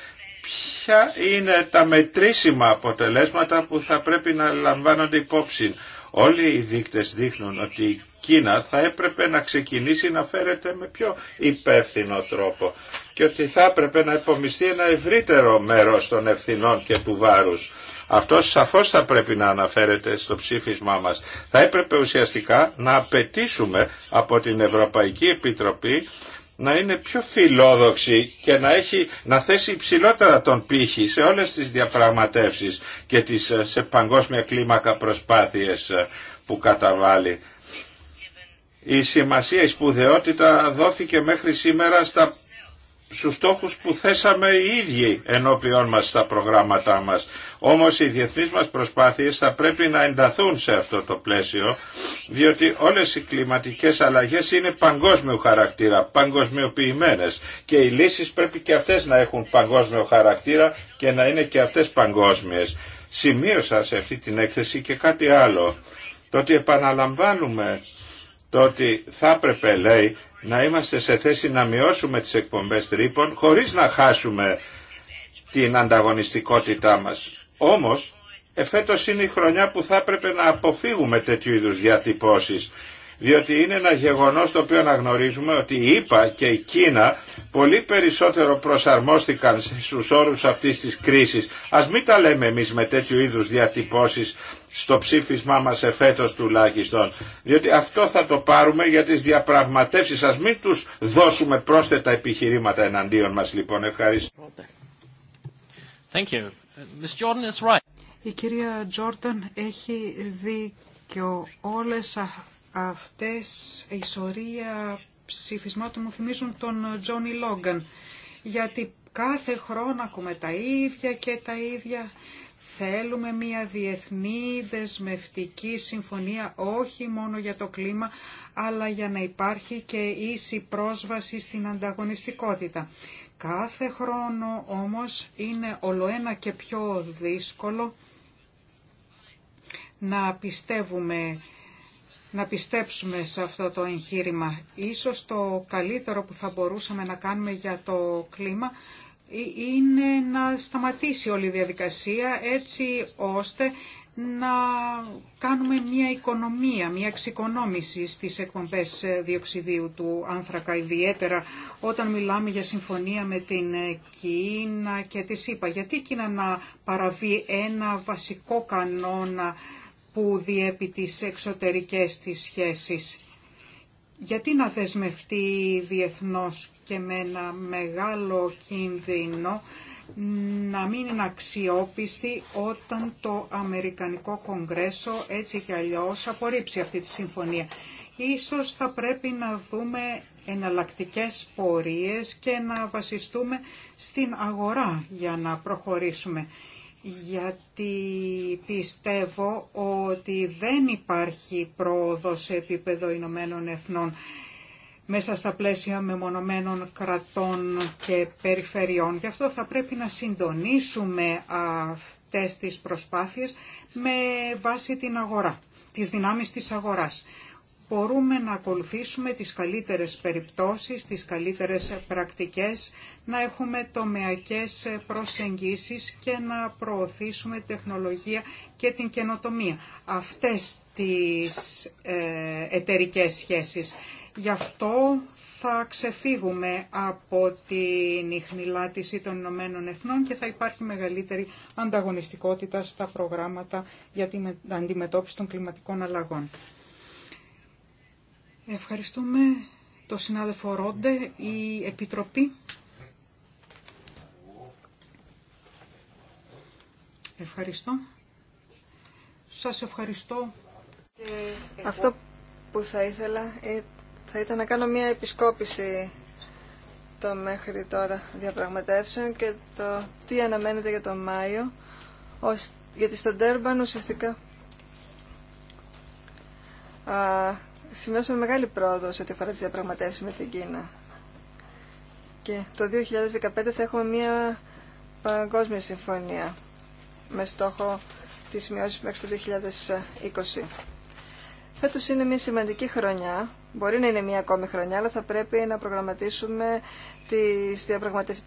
ποια είναι τα μετρήσιμα αποτελέσματα που θα πρέπει να λαμβάνονται υπόψη. Όλοι οι δείκτες δείχνουν ότι Κίνα θα έπρεπε να ξεκινήσει να φέρεται με πιο υπεύθυνο τρόπο και ότι θα έπρεπε να υπομειστεί ένα ευρύτερο μέρος των ευθυνών και του βάρους. Αυτό σαφώς θα πρέπει να αναφέρεται στο ψήφισμά μας. Θα έπρεπε ουσιαστικά να απαιτήσουμε από την Ευρωπαϊκή Επιτροπή να είναι πιο φιλόδοξη και να, έχει, να θέσει υψηλότερα τον πύχη σε όλες τις διαπραγματεύσεις και τις σε παγκόσμια κλίμακα προσπάθειες που καταβάλει η σημασία, η σπουδαιότητα δόθηκε μέχρι σήμερα στα στους στόχους που θέσαμε οι ίδιοι ενώπιόν μας στα προγράμματά μας. Όμως οι διεθνείς μας προσπάθειες θα πρέπει να ενταθούν σε αυτό το πλαίσιο, διότι όλες οι κλιματικές αλλαγές είναι παγκόσμιου χαρακτήρα, παγκοσμιοποιημένες και οι λύσεις πρέπει και αυτές να έχουν παγκόσμιο χαρακτήρα και να είναι και αυτές παγκόσμιες. Σημείωσα σε αυτή την έκθεση και κάτι άλλο, το ότι επαναλαμβάνουμε το ότι θα έπρεπε λέει να είμαστε σε θέση να μειώσουμε τις εκπομπές τρύπων χωρίς να χάσουμε την ανταγωνιστικότητά μας. Όμως, εφέτος είναι η χρονιά που θα έπρεπε να αποφύγουμε τέτοιου είδους διατυπώσεις διότι είναι ένα γεγονός το οποίο αναγνωρίζουμε ότι η ΕΠΑ και η Κίνα πολύ περισσότερο προσαρμόστηκαν στους όρους αυτής της κρίσης. Ας μην τα λέμε εμείς με τέτοιου είδους διατυπώσεις στο ψήφισμά μας εφέτος τουλάχιστον. Διότι αυτό θα το πάρουμε για τις διαπραγματεύσεις. Ας μην τους δώσουμε πρόσθετα επιχειρήματα εναντίον μας λοιπόν. Ευχαριστώ. Η κυρία Τζόρταν έχει δίκιο. Όλες αυτές οι σωρία ψηφισμάτων μου θυμίζουν τον Τζόνι Λόγκαν. Γιατί κάθε χρόνο ακούμε τα ίδια και τα ίδια Θέλουμε μια διεθνή δεσμευτική συμφωνία όχι μόνο για το κλίμα, αλλά για να υπάρχει και ίση πρόσβαση στην ανταγωνιστικότητα. Κάθε χρόνο όμως είναι ολοένα και πιο δύσκολο να πιστεύουμε να πιστέψουμε σε αυτό το εγχείρημα. Ίσως το καλύτερο που θα μπορούσαμε να κάνουμε για το κλίμα είναι να σταματήσει όλη η διαδικασία έτσι ώστε να κάνουμε μια οικονομία, μια εξοικονόμηση στις εκπομπές διοξιδίου του άνθρακα, ιδιαίτερα όταν μιλάμε για συμφωνία με την Κίνα και τη ΣΥΠΑ. Γιατί η Κίνα να παραβεί ένα βασικό κανόνα που διέπει τις εξωτερικές της σχέσεις γιατί να δεσμευτεί διεθνώς και με ένα μεγάλο κίνδυνο να μην είναι αξιόπιστη όταν το Αμερικανικό Κογκρέσο έτσι και αλλιώς απορρίψει αυτή τη συμφωνία. Ίσως θα πρέπει να δούμε εναλλακτικές πορείες και να βασιστούμε στην αγορά για να προχωρήσουμε γιατί πιστεύω ότι δεν υπάρχει πρόοδο σε επίπεδο Ηνωμένων Εθνών μέσα στα πλαίσια μεμονωμένων κρατών και περιφερειών. Γι' αυτό θα πρέπει να συντονίσουμε αυτές τις προσπάθειες με βάση την αγορά, τις δυνάμεις της αγοράς μπορούμε να ακολουθήσουμε τις καλύτερες περιπτώσεις, τις καλύτερες πρακτικές, να έχουμε τομεακές προσεγγίσεις και να προωθήσουμε τεχνολογία και την καινοτομία. Αυτές τις ε, εταιρικές σχέσεις. Γι' αυτό θα ξεφύγουμε από την ιχνηλάτηση των Ηνωμένων Εθνών και θα υπάρχει μεγαλύτερη ανταγωνιστικότητα στα προγράμματα για την αντιμετώπιση των κλιματικών αλλαγών. Ευχαριστούμε το συνάδελφο Ρόντε, η Επιτροπή. Ευχαριστώ. Σας ευχαριστώ. Αυτό που θα ήθελα ε, θα ήταν να κάνω μια επισκόπηση το μέχρι τώρα διαπραγματεύσεων και το τι αναμένεται για τον Μάιο, γιατί στον Τέρμπαν ουσιαστικά σημειώσαμε μεγάλη πρόοδο ό,τι αφορά τι διαπραγματεύσει με την Κίνα. Και το 2015 θα έχουμε μια παγκόσμια συμφωνία με στόχο τη σημειώσει μέχρι το 2020. Φέτος είναι μια σημαντική χρονιά, μπορεί να είναι μια ακόμη χρονιά, αλλά θα πρέπει να προγραμματίσουμε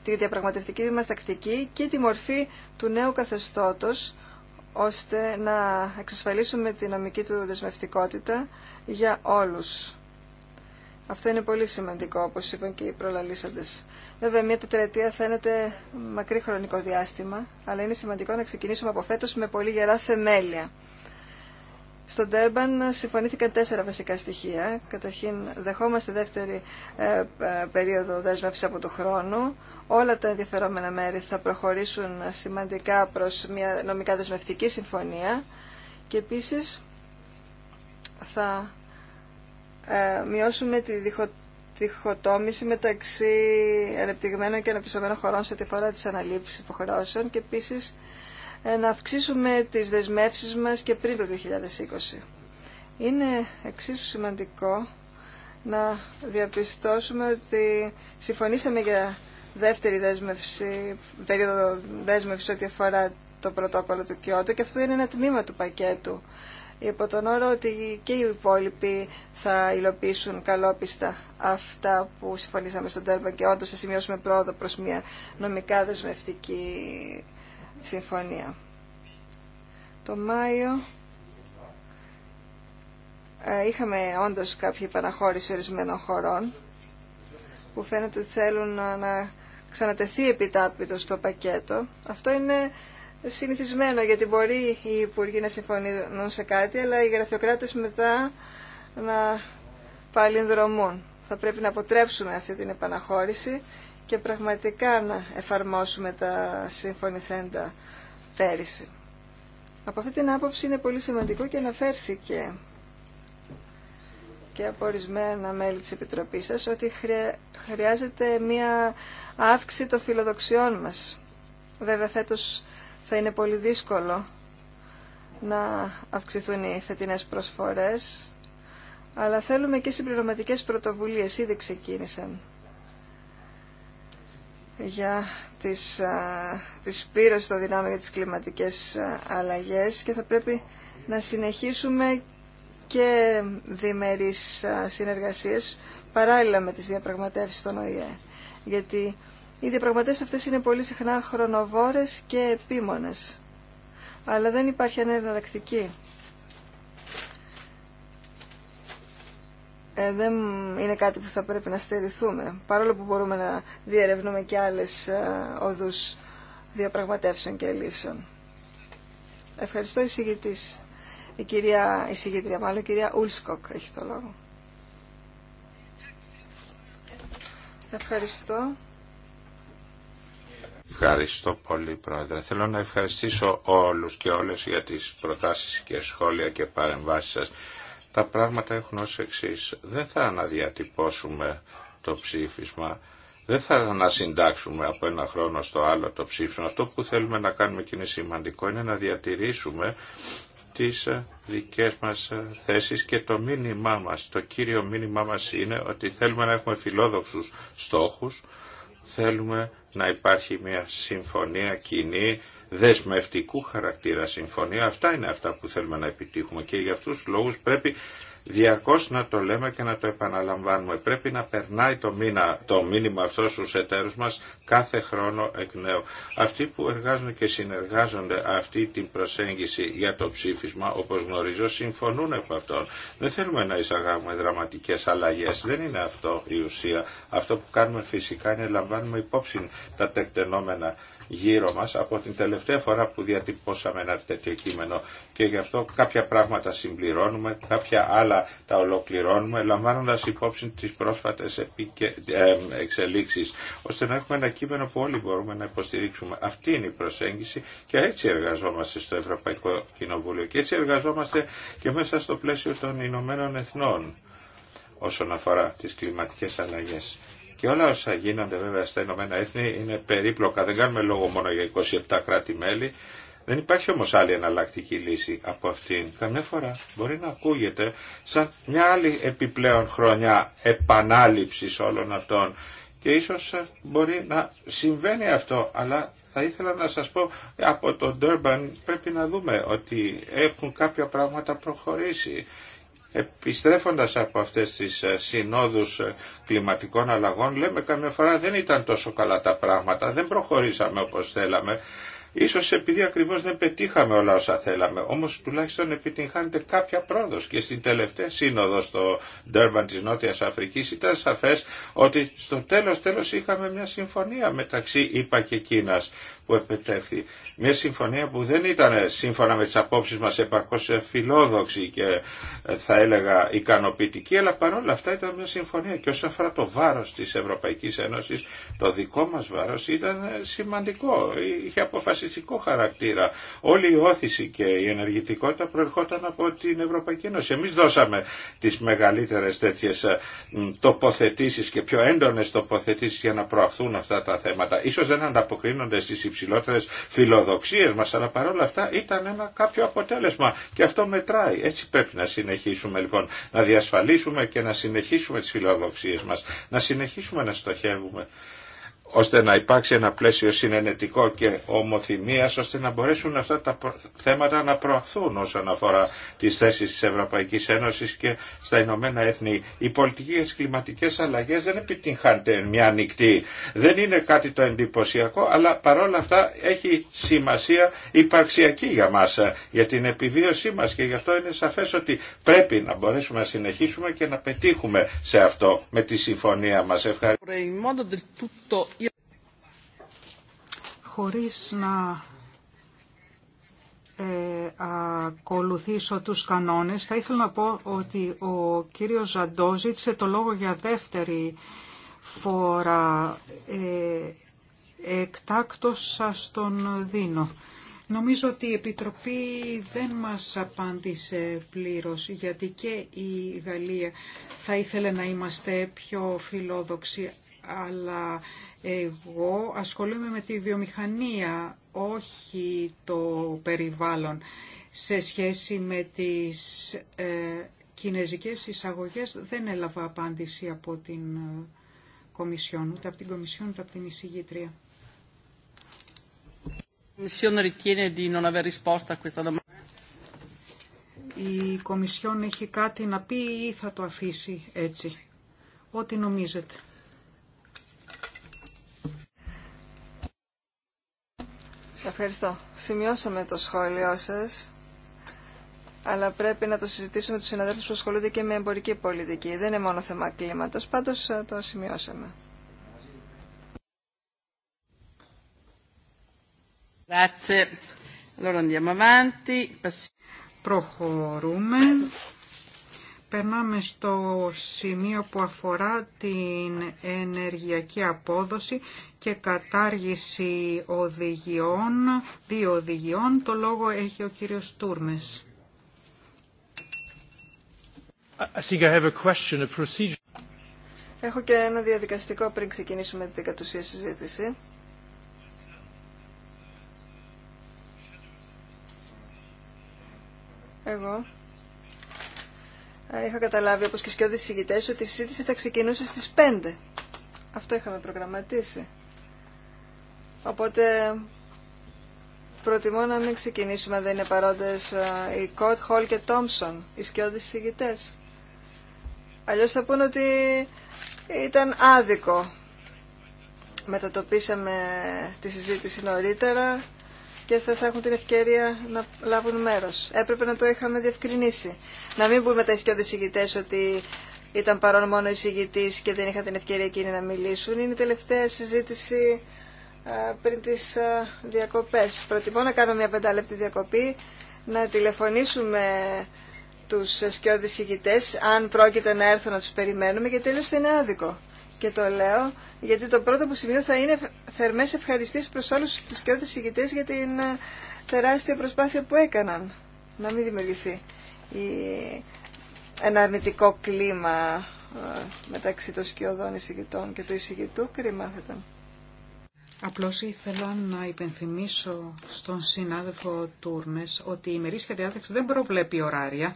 τη διαπραγματευτική μας τακτική και τη μορφή του νέου καθεστώτος ώστε να εξασφαλίσουμε τη νομική του δεσμευτικότητα για όλους. Αυτό είναι πολύ σημαντικό, όπως είπαν και οι προλαλήσαντες. Βέβαια, μια τετραετία φαίνεται μακρύ χρονικό διάστημα, αλλά είναι σημαντικό να ξεκινήσουμε από φέτος με πολύ γερά θεμέλια. Στον Τέρμπαν συμφωνήθηκαν τέσσερα βασικά στοιχεία. Καταρχήν, δεχόμαστε δεύτερη ε, ε, περίοδο δέσμευση από το χρόνο, όλα τα ενδιαφερόμενα μέρη θα προχωρήσουν σημαντικά προς μια νομικά δεσμευτική συμφωνία και επίσης θα ε, μειώσουμε τη διχοτόμηση μεταξύ ανεπτυγμένων και αναπτυσσομένων χωρών σε τη φορά της αναλήψης υποχρεώσεων και επίσης ε, να αυξήσουμε τις δεσμεύσεις μας και πριν το 2020. Είναι εξίσου σημαντικό να διαπιστώσουμε ότι συμφωνήσαμε για δεύτερη δέσμευση, περίοδο δέσμευση ό,τι αφορά το πρωτόκολλο του Κιώτο και αυτό είναι ένα τμήμα του πακέτου. Υπό τον όρο ότι και οι υπόλοιποι θα υλοποιήσουν καλόπιστα αυτά που συμφωνήσαμε στον Τέρμα και όντω θα σημειώσουμε πρόοδο προς μια νομικά δεσμευτική συμφωνία. Το Μάιο ε, είχαμε όντως κάποια παραχώρηση ορισμένων χωρών που φαίνεται ότι θέλουν να ξανατεθεί επιτάπητο στο πακέτο. Αυτό είναι συνηθισμένο γιατί μπορεί οι υπουργοί να συμφωνούν σε κάτι αλλά οι γραφειοκράτες μετά να παλινδρομούν. Θα πρέπει να αποτρέψουμε αυτή την επαναχώρηση και πραγματικά να εφαρμόσουμε τα συμφωνηθέντα πέρυσι. Από αυτή την άποψη είναι πολύ σημαντικό και αναφέρθηκε και από ορισμένα μέλη της Επιτροπής σας ότι χρειάζεται μία αύξηση των φιλοδοξιών μας. Βέβαια φέτος θα είναι πολύ δύσκολο να αυξηθούν οι φετινές προσφορές, αλλά θέλουμε και συμπληρωματικές πρωτοβουλίες, ήδη ξεκίνησαν για τις, α, τη σπήρωση των δυνάμεων για τις κλιματικές αλλαγές και θα πρέπει να συνεχίσουμε και διμερείς συνεργασίες παράλληλα με τις διαπραγματεύσεις των ΟΗΕ. Γιατί οι διαπραγματεύσεις αυτές είναι πολύ συχνά χρονοβόρες και επίμονες. Αλλά δεν υπάρχει ανεναρακτική. Ε, δεν είναι κάτι που θα πρέπει να στερηθούμε, παρόλο που μπορούμε να διερευνούμε και άλλες οδούς διαπραγματεύσεων και λύσεων. Ευχαριστώ εισηγητής. Η κυρία, η συγκεντρία μάλλον, η κυρία Ούλσκοκ έχει το λόγο. Ευχαριστώ. Ευχαριστώ πολύ Πρόεδρε. Θέλω να ευχαριστήσω όλους και όλες για τις προτάσεις και σχόλια και παρεμβάσεις σας. Τα πράγματα έχουν ως εξή. Δεν θα αναδιατυπώσουμε το ψήφισμα. Δεν θα ανασυντάξουμε από ένα χρόνο στο άλλο το ψήφισμα. Αυτό που θέλουμε να κάνουμε και είναι σημαντικό είναι να διατηρήσουμε τις ε, δικές μας ε, θέσεις και το μήνυμά μας. Το κύριο μήνυμά μας είναι ότι θέλουμε να έχουμε φιλόδοξους στόχους, θέλουμε να υπάρχει μια συμφωνία κοινή, δεσμευτικού χαρακτήρα συμφωνία. Αυτά είναι αυτά που θέλουμε να επιτύχουμε και για αυτούς τους λόγους πρέπει Διαρκώς να το λέμε και να το επαναλαμβάνουμε. Πρέπει να περνάει το, μήνα, το μήνυμα αυτό στους εταίρους μας κάθε χρόνο εκ νέου. Αυτοί που εργάζονται και συνεργάζονται αυτή την προσέγγιση για το ψήφισμα, όπως γνωρίζω, συμφωνούν από αυτόν. Δεν θέλουμε να εισαγάγουμε δραματικές αλλαγές. Δεν είναι αυτό η ουσία. Αυτό που κάνουμε φυσικά είναι να λαμβάνουμε υπόψη τα τεκτενόμενα γύρω μας από την τελευταία φορά που διατυπώσαμε ένα τέτοιο κείμενο και γι' αυτό κάποια πράγματα συμπληρώνουμε, κάποια άλλα τα ολοκληρώνουμε λαμβάνοντα υπόψη τις πρόσφατες ε, εξελίξεις ώστε να έχουμε ένα κείμενο που όλοι μπορούμε να υποστηρίξουμε. Αυτή είναι η προσέγγιση και έτσι εργαζόμαστε στο Ευρωπαϊκό Κοινοβούλιο και έτσι εργαζόμαστε και μέσα στο πλαίσιο των Ηνωμένων Εθνών όσον αφορά τις κλιματικές αλλαγές. Και όλα όσα γίνονται βέβαια στα Ηνωμένα Έθνη είναι περίπλοκα. Δεν κάνουμε λόγο μόνο για 27 κράτη-μέλη. Δεν υπάρχει όμως άλλη εναλλακτική λύση από αυτήν. Καμιά φορά μπορεί να ακούγεται σαν μια άλλη επιπλέον χρονιά επανάληψης όλων αυτών και ίσως ε, μπορεί να συμβαίνει αυτό, αλλά θα ήθελα να σας πω ε, από τον Durban πρέπει να δούμε ότι έχουν κάποια πράγματα προχωρήσει. Επιστρέφοντας από αυτές τις ε, συνόδους κλιματικών αλλαγών λέμε καμιά φορά δεν ήταν τόσο καλά τα πράγματα, δεν προχωρήσαμε όπως θέλαμε Ίσως επειδή ακριβώς δεν πετύχαμε όλα όσα θέλαμε, όμως τουλάχιστον επιτυγχάνεται κάποια πρόοδος και στην τελευταία σύνοδο στο Ντέρμπαν της Νότιας Αφρικής ήταν σαφές ότι στο τέλος τέλος είχαμε μια συμφωνία μεταξύ ΙΠΑ και Κίνας που επετεύχθη. Μια συμφωνία που δεν ήταν σύμφωνα με τις απόψεις μας επαρκώς φιλόδοξη και ε, θα έλεγα ικανοποιητική, αλλά παρόλα αυτά ήταν μια συμφωνία και όσον αφορά το βάρος της Ευρωπαϊκής Ένωσης, το δικό μας βάρος ήταν ε, σημαντικό, είχε αποφασιστικό χαρακτήρα. Όλη η όθηση και η ενεργητικότητα προερχόταν από την Ευρωπαϊκή Ένωση. Εμείς δώσαμε τις μεγαλύτερες τέτοιες ε, τοποθετήσεις και πιο έντονες τοποθετήσεις για να προαχθούν αυτά τα θέματα. Ίσως δεν ανταποκρίνονται στις υψηλότερε φιλοδοξίες μας, αλλά παρόλα αυτά ήταν ένα κάποιο αποτέλεσμα και αυτό μετράει. Έτσι πρέπει να συνεχίσουμε λοιπόν, να διασφαλίσουμε και να συνεχίσουμε τις φιλοδοξίες μας, να συνεχίσουμε να στοχεύουμε ώστε να υπάρξει ένα πλαίσιο συνενετικό και ομοθυμίας ώστε να μπορέσουν αυτά τα θέματα να προαχθούν όσον αφορά τις θέσεις της Ευρωπαϊκής Ένωσης και στα Ηνωμένα Έθνη. Οι πολιτικές κλιματικές αλλαγές δεν επιτυγχάνεται μια νυχτή. Δεν είναι κάτι το εντυπωσιακό αλλά παρόλα αυτά έχει σημασία υπαρξιακή για μας, ε, για την επιβίωσή μας και γι' αυτό είναι σαφές ότι πρέπει να μπορέσουμε να συνεχίσουμε και να πετύχουμε σε αυτό με τη συμφωνία μας. Ευχαριστώ χωρίς να ε, ακολουθήσω τους κανόνες, θα ήθελα να πω ότι ο κύριος Ζαντό ζήτησε το λόγο για δεύτερη φορά. Ε, εκτάκτος σας τον δίνω. Νομίζω ότι η Επιτροπή δεν μας απάντησε πλήρως, γιατί και η Γαλλία θα ήθελε να είμαστε πιο φιλόδοξοι, αλλά εγώ ασχολούμαι με τη βιομηχανία, όχι το περιβάλλον. Σε σχέση με τις ε, κινέζικες εισαγωγές δεν έλαβα απάντηση από την ε, Κομισιόν, ούτε από την Κομισιόν, ούτε από την εισηγήτρια. Η Κομισιόν έχει κάτι να πει ή θα το αφήσει έτσι. Ό,τι νομίζετε. Ευχαριστώ. Σημειώσαμε το σχόλιο σας, αλλά πρέπει να το συζητήσουμε με τους συναδέλφους που ασχολούνται και με εμπορική πολιτική. Δεν είναι μόνο θέμα κλίματος, πάντως ε, το σημειώσαμε. Προχωρούμε. Περνάμε στο σημείο που αφορά την ενεργειακή απόδοση και κατάργηση οδηγιών, δύο οδηγιών. Το λόγο έχει ο κύριος Τούρμες. Έχω και ένα διαδικαστικό πριν ξεκινήσουμε την κατουσία συζήτηση. Εγώ ε, είχα καταλάβει, όπως και σκιώδεις ότι η συζήτηση θα ξεκινούσε στις 5. Αυτό είχαμε προγραμματίσει. Οπότε προτιμώ να μην ξεκινήσουμε δεν είναι παρόντες ε, οι Κότ, Χολ και Τόμσον, οι σκιώδεις συγητές. Αλλιώς θα πούνε ότι ήταν άδικο. Μετατοπίσαμε τη συζήτηση νωρίτερα και θα, θα έχουν την ευκαιρία να λάβουν μέρος. Έπρεπε να το είχαμε διευκρινίσει. Να μην πούμε τα οι ότι ήταν παρόν μόνο οι και δεν είχαν την ευκαιρία εκείνη να μιλήσουν. Είναι η τελευταία συζήτηση ε, πριν τις ε, διακοπές. Προτιμώ να κάνω μια πεντάλεπτη διακοπή, να τηλεφωνήσουμε τους σκιώδεις ηγητές, αν πρόκειται να έρθουν να τους περιμένουμε, γιατί τέλος θα είναι άδικο. Και το λέω, γιατί το πρώτο που σημείο θα είναι θερμές ευχαριστήσεις προς όλους τους σκιώδεις ηγητές για την ε, τεράστια προσπάθεια που έκαναν να μην δημιουργηθεί η... ένα αρνητικό κλίμα μεταξύ των σκιωδών εισηγητών και του εισηγητού. Κρίμα Απλώς ήθελα να υπενθυμίσω στον συνάδελφο Τούρνες ότι η ημερήσια διάταξη δεν προβλέπει ωράρια.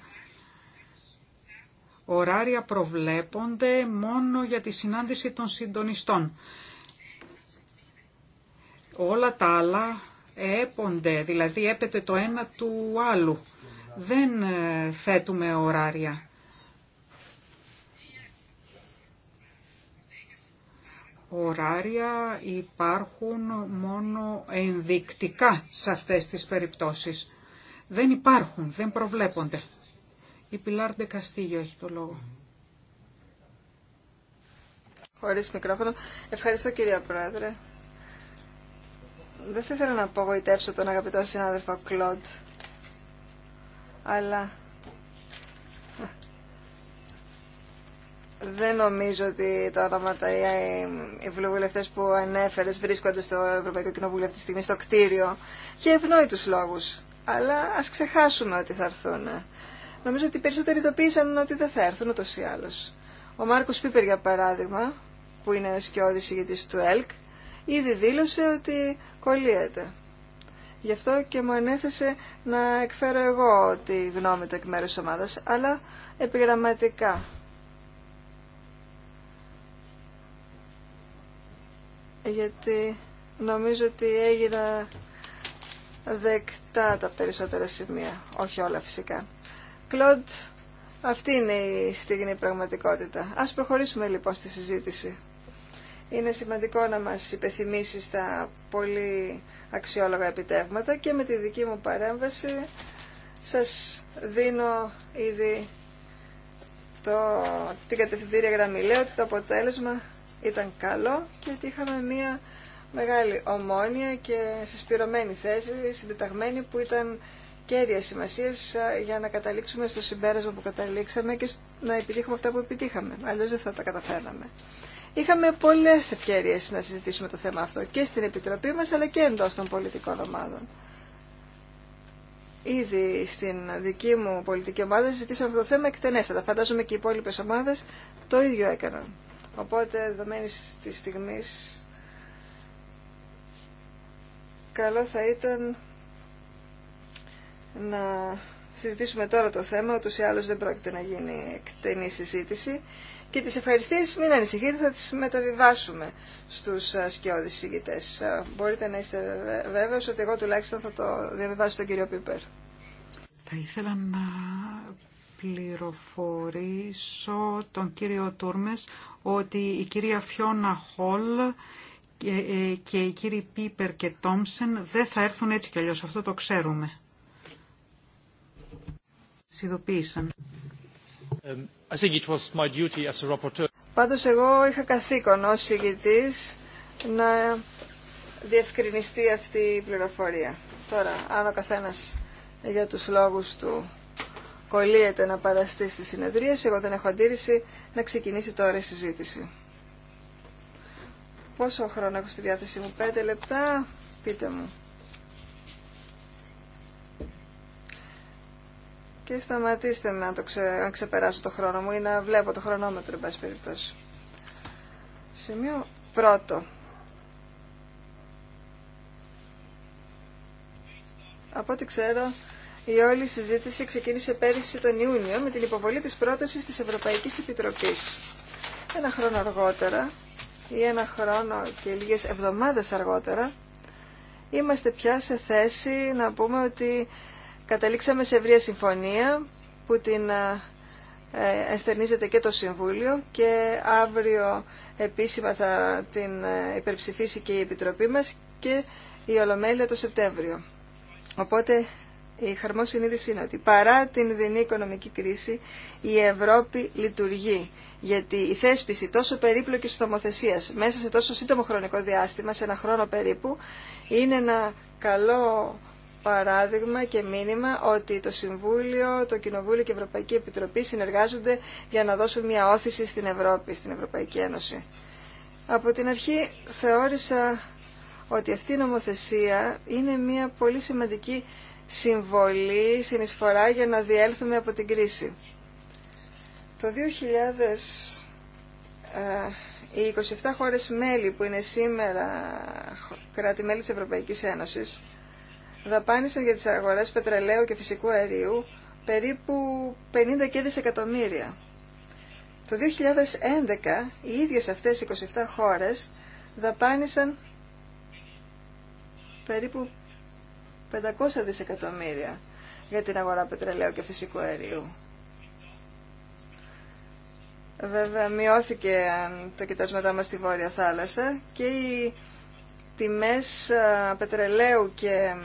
Ωράρια προβλέπονται μόνο για τη συνάντηση των συντονιστών. Όλα τα άλλα έπονται, δηλαδή έπεται το ένα του άλλου. Δεν ε, θέτουμε ωράρια. Οράρια υπάρχουν μόνο ενδεικτικά σε αυτές τις περιπτώσεις. Δεν υπάρχουν, δεν προβλέπονται. Η Πιλάρντε Καστίγιο έχει το λόγο. Χωρίς μικρόφωνο. Ευχαριστώ κυρία Πρόεδρε. Δεν θα ήθελα να απογοητεύσω τον αγαπητό συνάδελφο Κλοντ, αλλά Δεν νομίζω ότι τα όνοματα οι βουλευτέ που ανέφερε βρίσκονται στο Ευρωπαϊκό Κοινοβούλιο αυτή τη στιγμή, στο κτίριο, για ευνόητου λόγου. Αλλά α ξεχάσουμε ότι θα έρθουν. Νομίζω ότι οι περισσότεροι ειδοποίησαν ότι δεν θα έρθουν ούτω ή άλλω. Ο Μάρκο Πίπερ, για παράδειγμα, που είναι σκιώδη ηγητή του ΕΛΚ, ήδη δήλωσε ότι κολλείεται. Γι' αυτό και μου ανέθεσε να εκφέρω εγώ τη γνώμη του εκ μέρου ομάδα, αλλά επιγραμματικά γιατί νομίζω ότι έγινα δεκτά τα περισσότερα σημεία, όχι όλα φυσικά. Κλοντ, αυτή είναι η στιγμή πραγματικότητα. Ας προχωρήσουμε λοιπόν στη συζήτηση. Είναι σημαντικό να μας υπεθυμίσει τα πολύ αξιόλογα επιτεύγματα και με τη δική μου παρέμβαση σας δίνω ήδη το, την κατευθυντήρια γραμμή. Λέω ότι το αποτέλεσμα ήταν καλό και ότι είχαμε μία μεγάλη ομόνια και συσπηρωμένη θέση, συντεταγμένη που ήταν κέρια σημασία για να καταλήξουμε στο συμπέρασμα που καταλήξαμε και να επιτύχουμε αυτά που επιτύχαμε. Αλλιώ δεν θα τα καταφέραμε. Είχαμε πολλέ ευκαιρίε να συζητήσουμε το θέμα αυτό και στην Επιτροπή μα αλλά και εντό των πολιτικών ομάδων. Ήδη στην δική μου πολιτική ομάδα συζητήσαμε αυτό το θέμα εκτενέστατα. Φαντάζομαι και οι υπόλοιπε ομάδε το ίδιο έκαναν. Οπότε, δεδομένη τη στιγμή, καλό θα ήταν να συζητήσουμε τώρα το θέμα, ούτως ή άλλως δεν πρόκειται να γίνει εκτενή συζήτηση. Και τις ευχαριστήσεις, μην ανησυχείτε, θα τις μεταβιβάσουμε στους ε, σκιώδεις συγκητές. Ε, μπορείτε να είστε βέβαιος ότι εγώ τουλάχιστον θα το διαβιβάσω στον κύριο Πίπερ. Θα ήθελα να πληροφορήσω τον κύριο Τούρμες ότι η κυρία Φιώνα Χολ ε, και οι κύριοι Πίπερ και Τόμσεν δεν θα έρθουν έτσι κι αλλιώς. Αυτό το ξέρουμε. Συνειδητοποίησαν. Um, Πάντως εγώ είχα καθήκον ως ηγητής να διευκρινιστεί αυτή η πληροφορία. Τώρα, αν ο καθένας για τους λόγους του κολλείεται να παραστεί στη συνεδρίαση. Εγώ δεν έχω αντίρρηση να ξεκινήσει τώρα η συζήτηση. Πόσο χρόνο έχω στη διάθεσή μου, πέντε λεπτά, πείτε μου. Και σταματήστε με αν, αν ξεπεράσω το χρόνο μου ή να βλέπω το χρονόμετρο, εν πάση περιπτώσει. Σημείο πρώτο. Από ό,τι ξέρω, η όλη συζήτηση ξεκίνησε πέρυσι τον Ιούνιο με την υποβολή της πρότασης της Ευρωπαϊκής Επιτροπής. Ένα χρόνο αργότερα ή ένα χρόνο και λίγες εβδομάδες αργότερα είμαστε πια σε θέση να πούμε ότι καταλήξαμε σε ευρία συμφωνία που την εστερνίζεται και το Συμβούλιο και αύριο επίσημα θα την ε, υπερψηφίσει και η Επιτροπή μας και η Ολομέλεια το Σεπτέμβριο. Οπότε η χαρμό συνείδηση είναι ότι παρά την δινή οικονομική κρίση η Ευρώπη λειτουργεί. Γιατί η θέσπιση τόσο περίπλοκη νομοθεσία μέσα σε τόσο σύντομο χρονικό διάστημα, σε ένα χρόνο περίπου, είναι ένα καλό παράδειγμα και μήνυμα ότι το Συμβούλιο, το Κοινοβούλιο και η Ευρωπαϊκή Επιτροπή συνεργάζονται για να δώσουν μια όθηση στην Ευρώπη, στην Ευρωπαϊκή Ένωση. Από την αρχή θεώρησα ότι αυτή η νομοθεσία είναι μια πολύ σημαντική συμβολή, συνεισφορά για να διέλθουμε από την κρίση. Το 2000 ε, οι 27 χώρες μέλη που είναι σήμερα κράτη-μέλη της Ευρωπαϊκής Ένωσης δαπάνησαν για τις αγορές πετρελαίου και φυσικού αερίου περίπου 50 και δισεκατομμύρια. Το 2011 οι ίδιες αυτές 27 χώρες δαπάνησαν περίπου 500 δισεκατομμύρια για την αγορά πετρελαίου και φυσικού αερίου. Βέβαια, μειώθηκε αν το κοιτάσματά μας στη Βόρεια Θάλασσα και οι τιμές πετρελαίου και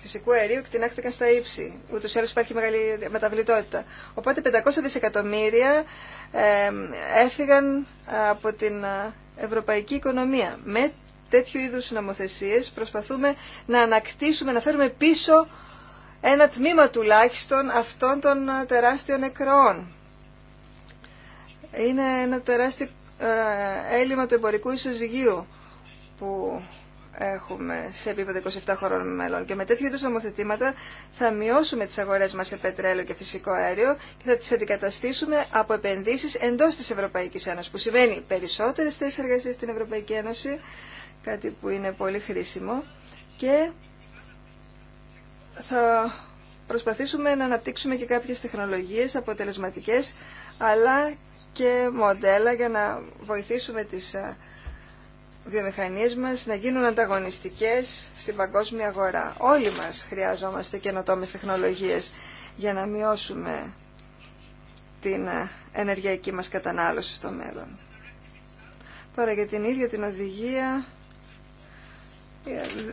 φυσικού αερίου εκτινάχθηκαν στα ύψη. Ούτως ή άλλως υπάρχει μεγάλη μεταβλητότητα. Οπότε 500 δισεκατομμύρια ε, έφυγαν από την ευρωπαϊκή οικονομία με τέτοιου είδους νομοθεσίες προσπαθούμε να ανακτήσουμε, να φέρουμε πίσω ένα τμήμα τουλάχιστον αυτών των ε, τεράστιων νεκρών. Είναι ένα τεράστιο ε, έλλειμμα του εμπορικού ισοζυγίου που έχουμε σε επίπεδο 27 χωρών μελών. Και με τέτοιου είδους νομοθετήματα θα μειώσουμε τις αγορές μας σε πετρέλαιο και φυσικό αέριο και θα τι αντικαταστήσουμε από επενδύσει εντό τη Ευρωπαϊκή Ένωση. Που σημαίνει περισσότερε θέσει εργασία στην Ευρωπαϊκή Ένωση, κάτι που είναι πολύ χρήσιμο και θα προσπαθήσουμε να αναπτύξουμε και κάποιες τεχνολογίες αποτελεσματικές αλλά και μοντέλα για να βοηθήσουμε τις βιομηχανίες μας να γίνουν ανταγωνιστικές στην παγκόσμια αγορά. Όλοι μας χρειάζομαστε καινοτόμες τεχνολογίες για να μειώσουμε την ενεργειακή μας κατανάλωση στο μέλλον. Τώρα για την ίδια την οδηγία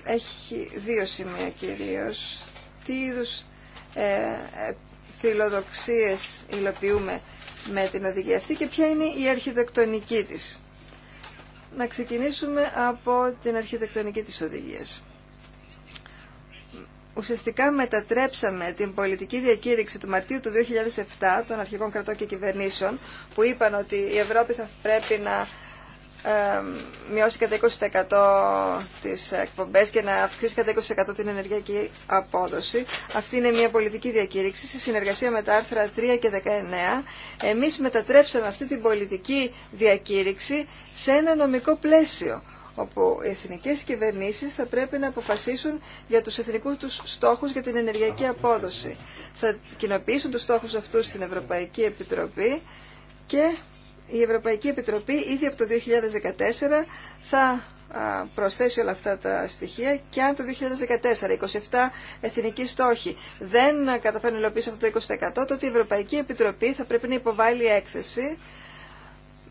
έχει δύο σημεία κυρίως. Τι είδους ε, ε, φιλοδοξίες υλοποιούμε με την οδηγία αυτή και ποια είναι η αρχιτεκτονική της. Να ξεκινήσουμε από την αρχιτεκτονική της οδηγίας. Ουσιαστικά μετατρέψαμε την πολιτική διακήρυξη του Μαρτίου του 2007 των αρχικών κρατών και κυβερνήσεων που είπαν ότι η Ευρώπη θα πρέπει να ε, μειώσει κατά 20% τις εκπομπές και να αυξήσει κατά 20% την ενεργειακή απόδοση. Αυτή είναι μια πολιτική διακήρυξη σε συνεργασία με τα άρθρα 3 και 19. Εμείς μετατρέψαμε αυτή την πολιτική διακήρυξη σε ένα νομικό πλαίσιο όπου οι εθνικές κυβερνήσεις θα πρέπει να αποφασίσουν για τους εθνικούς τους στόχους για την ενεργειακή απόδοση. Θα κοινοποιήσουν τους στόχους αυτούς στην Ευρωπαϊκή Επιτροπή και η Ευρωπαϊκή Επιτροπή ήδη από το 2014 θα προσθέσει όλα αυτά τα στοιχεία και αν το 2014 27 εθνικοί στόχοι δεν καταφέρουν να υλοποιήσουν αυτό το 20% τότε η Ευρωπαϊκή Επιτροπή θα πρέπει να υποβάλει έκθεση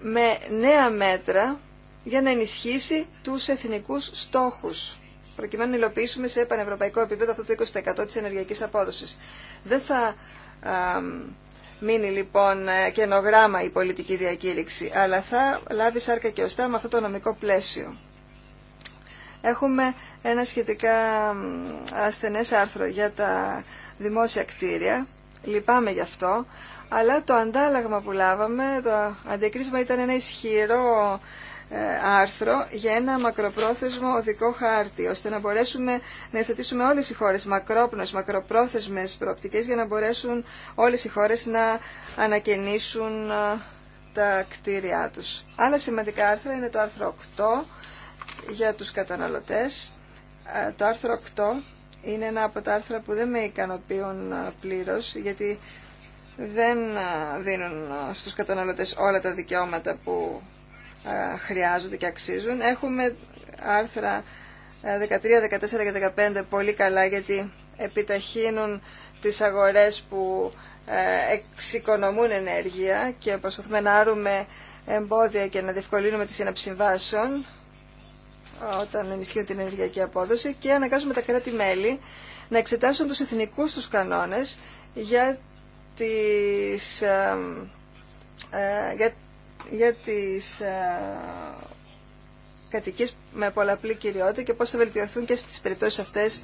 με νέα μέτρα για να ενισχύσει τους εθνικούς στόχους προκειμένου να υλοποιήσουμε σε πανευρωπαϊκό επίπεδο αυτό το 20% της ενεργειακής απόδοσης. Δεν θα μείνει λοιπόν ε, καινογράμμα η πολιτική διακήρυξη, αλλά θα λάβει σάρκα και οστά με αυτό το νομικό πλαίσιο. Έχουμε ένα σχετικά ασθενές άρθρο για τα δημόσια κτίρια, λυπάμαι γι' αυτό, αλλά το αντάλλαγμα που λάβαμε, το αντικρίσμα ήταν ένα ισχυρό ε, άρθρο για ένα μακροπρόθεσμο οδικό χάρτη, ώστε να μπορέσουμε να εθετήσουμε όλες οι χώρες μακρόπνοες, μακροπρόθεσμες προοπτικέ για να μπορέσουν όλες οι χώρες να ανακαινήσουν ε, τα κτίρια τους. Άλλα σημαντικά άρθρα είναι το άρθρο 8 για τους καταναλωτές. Ε, το άρθρο 8 είναι ένα από τα άρθρα που δεν με ικανοποιούν πλήρω γιατί δεν δίνουν στους καταναλωτές όλα τα δικαιώματα που χρειάζονται και αξίζουν. Έχουμε άρθρα 13, ε, 14 και 15 πολύ καλά γιατί επιταχύνουν τις αγορές που ε, εξοικονομούν ενέργεια και προσπαθούμε να άρουμε εμπόδια και να διευκολύνουμε τις συναψυμβάσεων ε, όταν ενισχύουν την ενεργειακή απόδοση και αναγκάζουμε τα κράτη-μέλη να εξετάσουν τους εθνικούς τους κανόνες για, τις, για για τις ε, κατοικίες με πολλαπλή κυριότητα και πώς θα βελτιωθούν και στις περιπτώσεις αυτές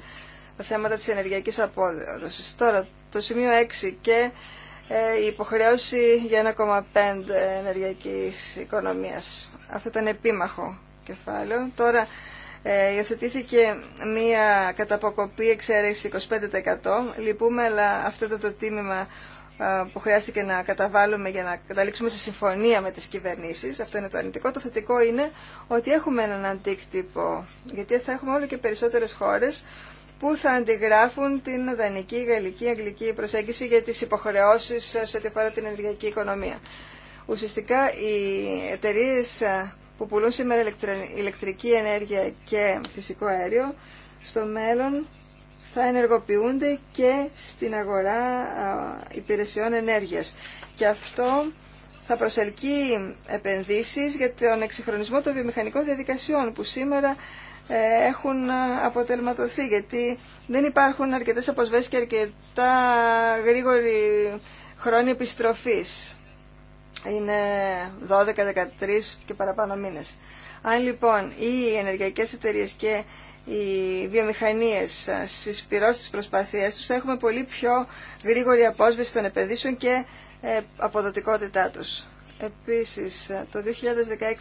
τα θέματα της ενεργειακής απόδοσης. Τώρα, το σημείο 6 και ε, η υποχρέωση για 1,5 ενεργειακής οικονομίας. Αυτό ήταν επίμαχο κεφάλαιο. Τώρα ε, υιοθετήθηκε μία καταποκοπή εξαίρεση 25%. Λυπούμε, αλλά αυτό ήταν το τίμημα που χρειάστηκε να καταβάλουμε για να καταλήξουμε σε συμφωνία με τις κυβερνήσεις. Αυτό είναι το αρνητικό. Το θετικό είναι ότι έχουμε έναν αντίκτυπο, γιατί θα έχουμε όλο και περισσότερες χώρες που θα αντιγράφουν την δανεική, γαλλική, αγγλική προσέγγιση για τις υποχρεώσεις σε ό,τι αφορά την ενεργειακή οικονομία. Ουσιαστικά οι εταιρείε που πουλούν σήμερα ηλεκτρική ενέργεια και φυσικό αέριο στο μέλλον θα ενεργοποιούνται και στην αγορά υπηρεσιών ενέργειας. Και αυτό θα προσελκύει επενδύσεις για τον εξυγχρονισμό των βιομηχανικών διαδικασιών που σήμερα ε, έχουν αποτελματωθεί γιατί δεν υπάρχουν αρκετές αποσβέσεις και αρκετά γρήγορη χρόνια επιστροφής. Είναι 12, 13 και παραπάνω μήνες. Αν λοιπόν οι ενεργειακές εταιρείες και οι βιομηχανίες ε, πυρώσει της προσπαθίες τους θα έχουμε πολύ πιο γρήγορη απόσβεση των επενδύσεων και ε, αποδοτικότητά τους. Επίσης, ε, το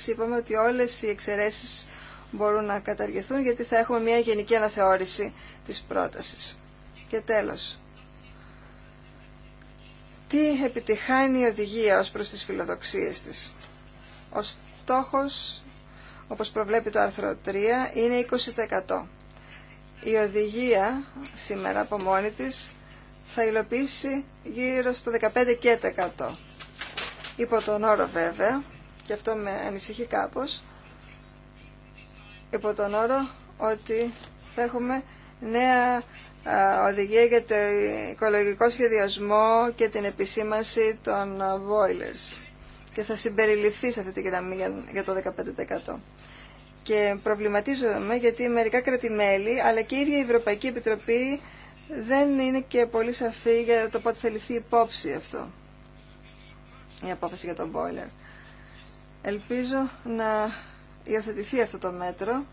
2016 είπαμε ότι όλες οι εξαιρέσεις μπορούν να καταργηθούν γιατί θα έχουμε μια γενική αναθεώρηση της πρότασης. Και τέλος, τι επιτυχάνει η οδηγία ως προς τις φιλοδοξίες της. Ο στόχος όπως προβλέπει το άρθρο 3, είναι 20%. Η οδηγία σήμερα από μόνη της θα υλοποιήσει γύρω στο 15% Υπό τον όρο βέβαια, και αυτό με ανησυχεί κάπως, υπό τον όρο ότι θα έχουμε νέα οδηγία για το οικολογικό σχεδιασμό και την επισήμανση των boilers και θα συμπεριληφθεί σε αυτή τη γραμμή για το 15%. Και προβληματίζομαι γιατί μερικά κρατημέλη, αλλά και η ίδια η Ευρωπαϊκή Επιτροπή δεν είναι και πολύ σαφή για το πότε θα ληφθεί υπόψη αυτό, η απόφαση για τον boiler. Ελπίζω να υιοθετηθεί αυτό το μέτρο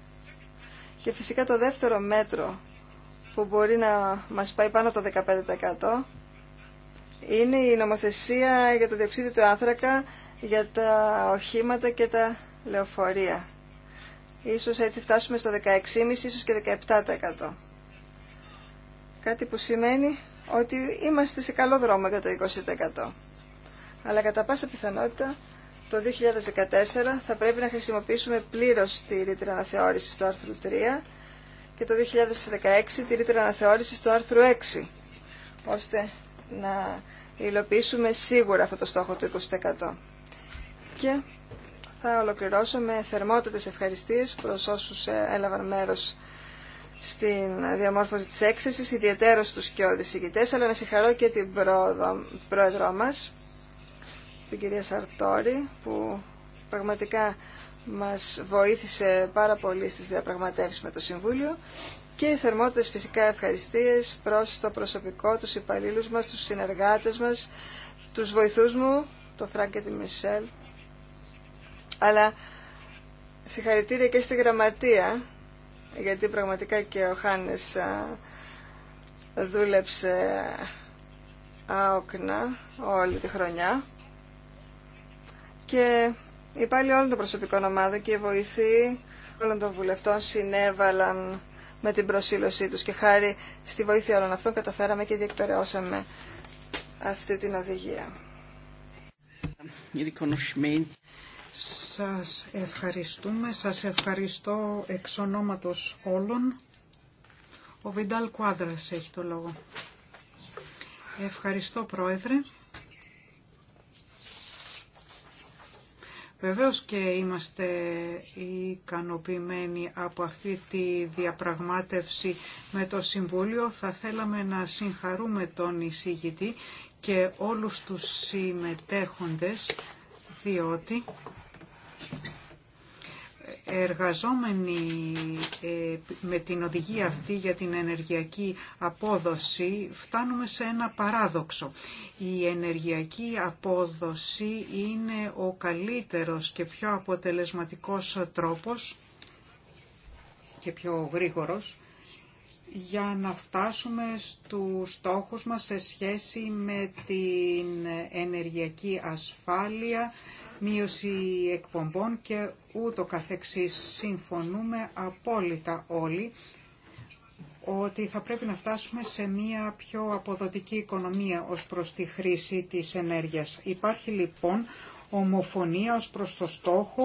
και φυσικά το δεύτερο μέτρο που μπορεί να μας πάει πάνω το 15% είναι η νομοθεσία για το διοξείδιο του άνθρακα για τα οχήματα και τα λεωφορεία. Ίσως έτσι φτάσουμε στο 16,5% ίσως και 17%. Κάτι που σημαίνει ότι είμαστε σε καλό δρόμο για το 20%. Αλλά κατά πάσα πιθανότητα το 2014 θα πρέπει να χρησιμοποιήσουμε πλήρως τη ρήτρα αναθεώρηση του άρθρου 3 και το 2016 τη ρήτρα αναθεώρηση του άρθρου 6, ώστε να υλοποιήσουμε σίγουρα αυτό το στόχο του 20%. Και θα ολοκληρώσω με θερμότατες ευχαριστίες προς όσους ε, έλαβαν μέρος στην διαμόρφωση της έκθεσης, ιδιαίτερα στους και ηγητές, αλλά να συγχαρώ και την πρόεδρο, πρόεδρό μας, την κυρία Σαρτόρη, που πραγματικά μας βοήθησε πάρα πολύ στις διαπραγματεύσεις με το Συμβούλιο και θερμότερες φυσικά ευχαριστίες προς το προσωπικό, τους υπαλλήλους μας, τους συνεργάτες μας, τους βοηθούς μου, τον Φρανκ και τη Μισελ, αλλά συγχαρητήρια και στη γραμματεία, γιατί πραγματικά και ο Χάνες δούλεψε άοκνα όλη τη χρονιά και υπάλληλοι όλων των προσωπικών ομάδων και οι βοηθοί όλων των βουλευτών συνέβαλαν με την προσήλωσή τους και χάρη στη βοήθεια όλων αυτών καταφέραμε και διεκπαιρεώσαμε αυτή την οδηγία. Σας ευχαριστούμε. Σας ευχαριστώ εξ ονόματος όλων. Ο Βιντάλ Κουάδρας έχει το λόγο. Ευχαριστώ Πρόεδρε. Βεβαίως και είμαστε ικανοποιημένοι από αυτή τη διαπραγμάτευση με το Συμβούλιο. Θα θέλαμε να συγχαρούμε τον εισηγητή και όλους τους συμμετέχοντες, διότι Εργαζόμενοι ε, με την οδηγία αυτή για την ενεργειακή απόδοση φτάνουμε σε ένα παράδοξο. Η ενεργειακή απόδοση είναι ο καλύτερος και πιο αποτελεσματικός τρόπος και πιο γρήγορος για να φτάσουμε στους στόχους μας σε σχέση με την ενεργειακή ασφάλεια, μείωση εκπομπών και ούτω καθεξής. Συμφωνούμε απόλυτα όλοι ότι θα πρέπει να φτάσουμε σε μια πιο αποδοτική οικονομία ως προς τη χρήση της ενέργειας. Υπάρχει λοιπόν ομοφωνία ως προς το στόχο,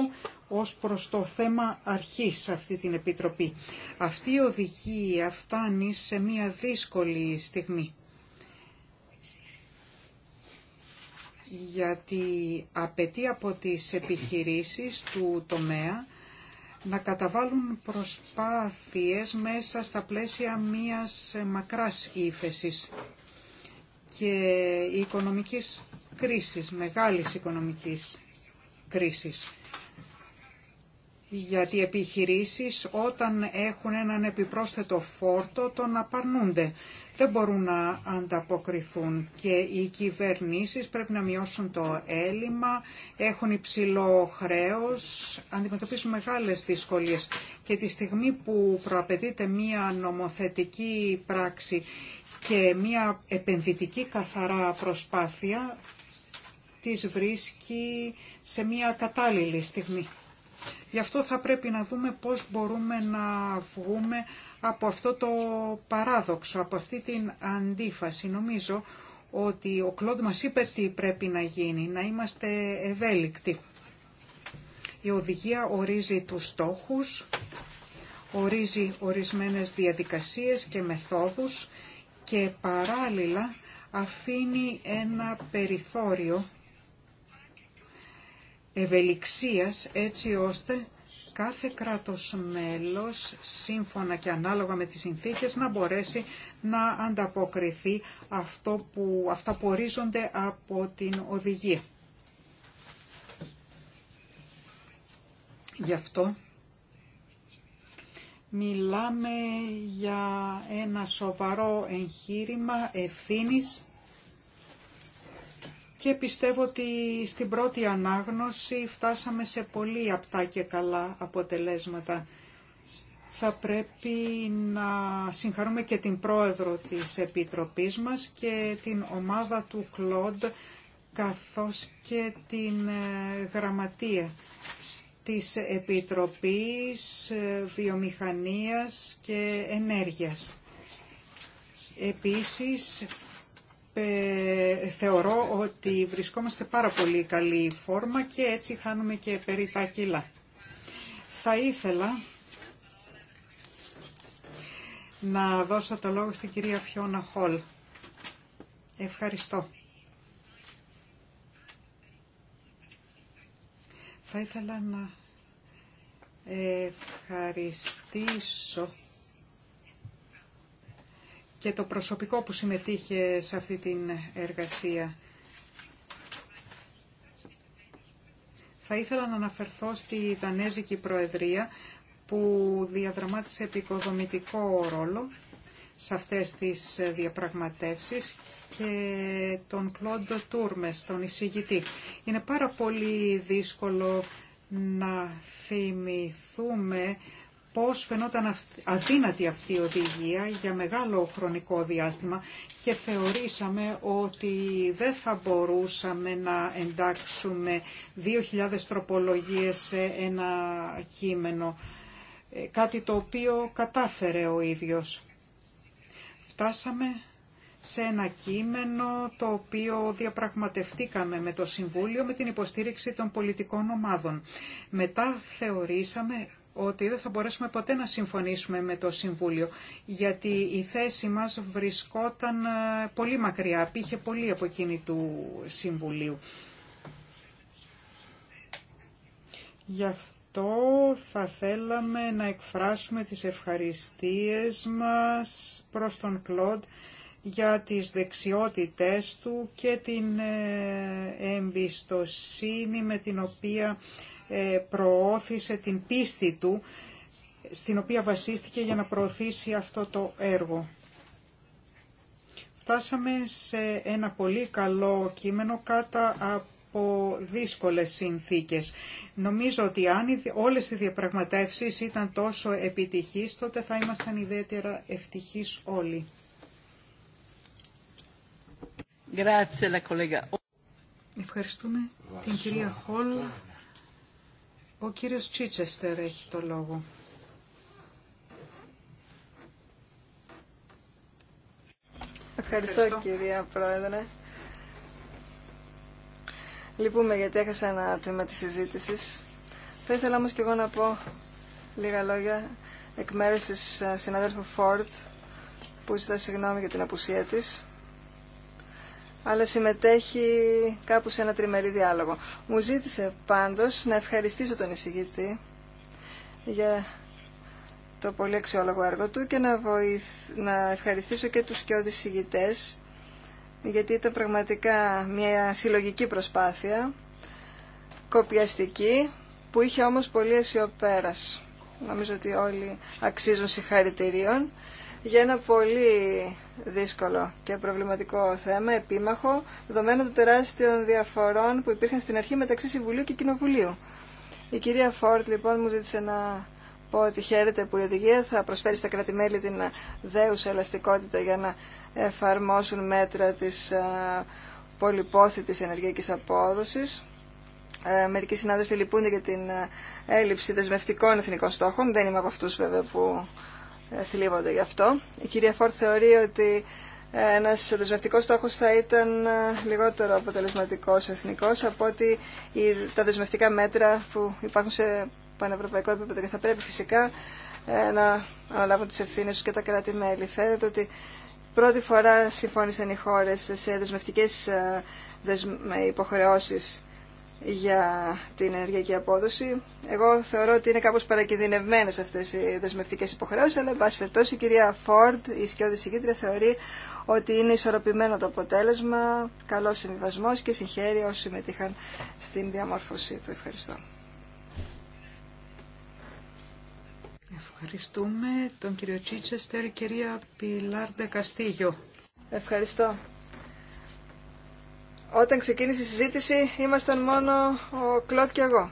ως προς το θέμα αρχής αυτή την Επιτροπή. Αυτή η οδηγία φτάνει σε μια δύσκολη στιγμή. γιατί απαιτεί από τις επιχειρήσεις του τομέα να καταβάλουν προσπάθειες μέσα στα πλαίσια μίας μακράς ύφεσης και οικονομικής κρίσης, μεγάλης οικονομικής κρίσης. Γιατί οι επιχειρήσεις όταν έχουν έναν επιπρόσθετο φόρτο τον απαρνούνται. Δεν μπορούν να ανταποκριθούν και οι κυβερνήσεις πρέπει να μειώσουν το έλλειμμα, έχουν υψηλό χρέος, αντιμετωπίζουν μεγάλες δυσκολίες. Και τη στιγμή που προαπαιτείται μία νομοθετική πράξη και μία επενδυτική καθαρά προσπάθεια τις βρίσκει σε μια κατάλληλη στιγμή. Γι' αυτό θα πρέπει να δούμε πώς μπορούμε να βγούμε από αυτό το παράδοξο, από αυτή την αντίφαση. Νομίζω ότι ο Κλόντ μας είπε τι πρέπει να γίνει, να είμαστε ευέλικτοι. Η οδηγία ορίζει τους στόχους, ορίζει ορισμένες διαδικασίες και μεθόδους και παράλληλα αφήνει ένα περιθώριο ευελιξίας έτσι ώστε κάθε κράτος μέλος, σύμφωνα και ανάλογα με τις συνθήκες, να μπορέσει να ανταποκριθεί αυτό που, αυτά που ορίζονται από την οδηγία. Γι' αυτό μιλάμε για ένα σοβαρό εγχείρημα ευθύνης και πιστεύω ότι στην πρώτη ανάγνωση φτάσαμε σε πολύ απτά και καλά αποτελέσματα. Θα πρέπει να συγχαρούμε και την πρόεδρο της Επιτροπής μας και την ομάδα του Κλοντ καθώς και την ε, γραμματεία της Επιτροπής ε, Βιομηχανίας και Ενέργειας. Επίσης, θεωρώ ότι βρισκόμαστε σε πάρα πολύ καλή φόρμα και έτσι χάνουμε και περί τα κιλά. Θα ήθελα να δώσω το λόγο στην κυρία Φιώνα Χολ. Ευχαριστώ. Θα ήθελα να ευχαριστήσω και το προσωπικό που συμμετείχε σε αυτή την εργασία. Θα ήθελα να αναφερθώ στη Δανέζικη Προεδρία που διαδραμάτισε επικοδομητικό ρόλο σε αυτές τις διαπραγματεύσεις και τον Κλόντο Τούρμες, τον εισηγητή. Είναι πάρα πολύ δύσκολο να θυμηθούμε πώς φαινόταν αδύνατη αυτή η οδηγία για μεγάλο χρονικό διάστημα και θεωρήσαμε ότι δεν θα μπορούσαμε να εντάξουμε 2.000 τροπολογίες σε ένα κείμενο, ε, κάτι το οποίο κατάφερε ο ίδιος. Φτάσαμε σε ένα κείμενο το οποίο διαπραγματευτήκαμε με το Συμβούλιο με την υποστήριξη των πολιτικών ομάδων. Μετά θεωρήσαμε ότι δεν θα μπορέσουμε ποτέ να συμφωνήσουμε με το Συμβούλιο, γιατί η θέση μας βρισκόταν ε, πολύ μακριά, πήγε πολύ από εκείνη του Συμβουλίου. Γι' αυτό θα θέλαμε να εκφράσουμε τις ευχαριστίες μας προς τον Κλοντ για τις δεξιότητές του και την ε, εμπιστοσύνη με την οποία ε, προώθησε την πίστη του στην οποία βασίστηκε για να προωθήσει αυτό το έργο. Φτάσαμε σε ένα πολύ καλό κείμενο κατά από δύσκολες συνθήκες. Νομίζω ότι αν όλες οι διαπραγματεύσεις ήταν τόσο επιτυχείς, τότε θα ήμασταν ιδιαίτερα ευτυχείς όλοι. Ευχαριστούμε την κυρία Χόλ ο κύριος Τσίτσεστερ έχει το λόγο. Ευχαριστώ, κυρία Πρόεδρε. Λυπούμε γιατί έχασα ένα τμήμα της συζήτησης. Θα ήθελα όμως και εγώ να πω λίγα λόγια εκ μέρους της συναδέλφου Φόρτ που ζητά συγγνώμη για την απουσία της αλλά συμμετέχει κάπου σε ένα τριμερή διάλογο. Μου ζήτησε πάντως να ευχαριστήσω τον εισηγητή για το πολύ αξιόλογο έργο του και να, να ευχαριστήσω και τους και εισηγητές γιατί ήταν πραγματικά μια συλλογική προσπάθεια, κοπιαστική, που είχε όμως πολύ αισιοπέρας. Νομίζω ότι όλοι αξίζουν συγχαρητηρίων για ένα πολύ δύσκολο και προβληματικό θέμα, επίμαχο, δεδομένου των τεράστιων διαφορών που υπήρχαν στην αρχή μεταξύ Συμβουλίου και Κοινοβουλίου. Η κυρία Φόρτ λοιπόν μου ζήτησε να πω ότι χαίρεται που η οδηγία θα προσφέρει στα κρατημέλη την δέουσα ελαστικότητα για να εφαρμόσουν μέτρα της ε, πολυπόθητης ενεργειακής απόδοσης. Ε, μερικοί συνάδελφοι λυπούνται για την ε, έλλειψη δεσμευτικών εθνικών στόχων. Δεν είμαι από αυτούς βέβαια που θλίβονται γι' αυτό. Η κυρία Φόρ θεωρεί ότι ε, ένας δεσμευτικό στόχο θα ήταν ε, λιγότερο αποτελεσματικό εθνικός από ότι τα δεσμευτικά μέτρα που υπάρχουν σε πανευρωπαϊκό επίπεδο και θα πρέπει φυσικά ε, να αναλάβουν τις ευθύνε του και τα κράτη-μέλη. Φαίνεται ότι πρώτη φορά συμφώνησαν οι χώρε σε δεσμευτικέ υποχρεώσει για την ενεργειακή απόδοση. Εγώ θεωρώ ότι είναι κάπως παρακινδυνευμένες αυτές οι δεσμευτικές υποχρεώσεις, αλλά εν πάση η κυρία Φόρντ, η σκιώδη συγκίτρια, θεωρεί ότι είναι ισορροπημένο το αποτέλεσμα, καλό συμβιβασμό και συγχαίρει όσοι συμμετείχαν στην διαμόρφωσή του. Ευχαριστώ. Ευχαριστούμε τον κύριο Τσίτσεστερ, κυρία Πιλάρντε Καστίγιο. Ευχαριστώ όταν ξεκίνησε η συζήτηση ήμασταν μόνο ο Κλώτ και εγώ.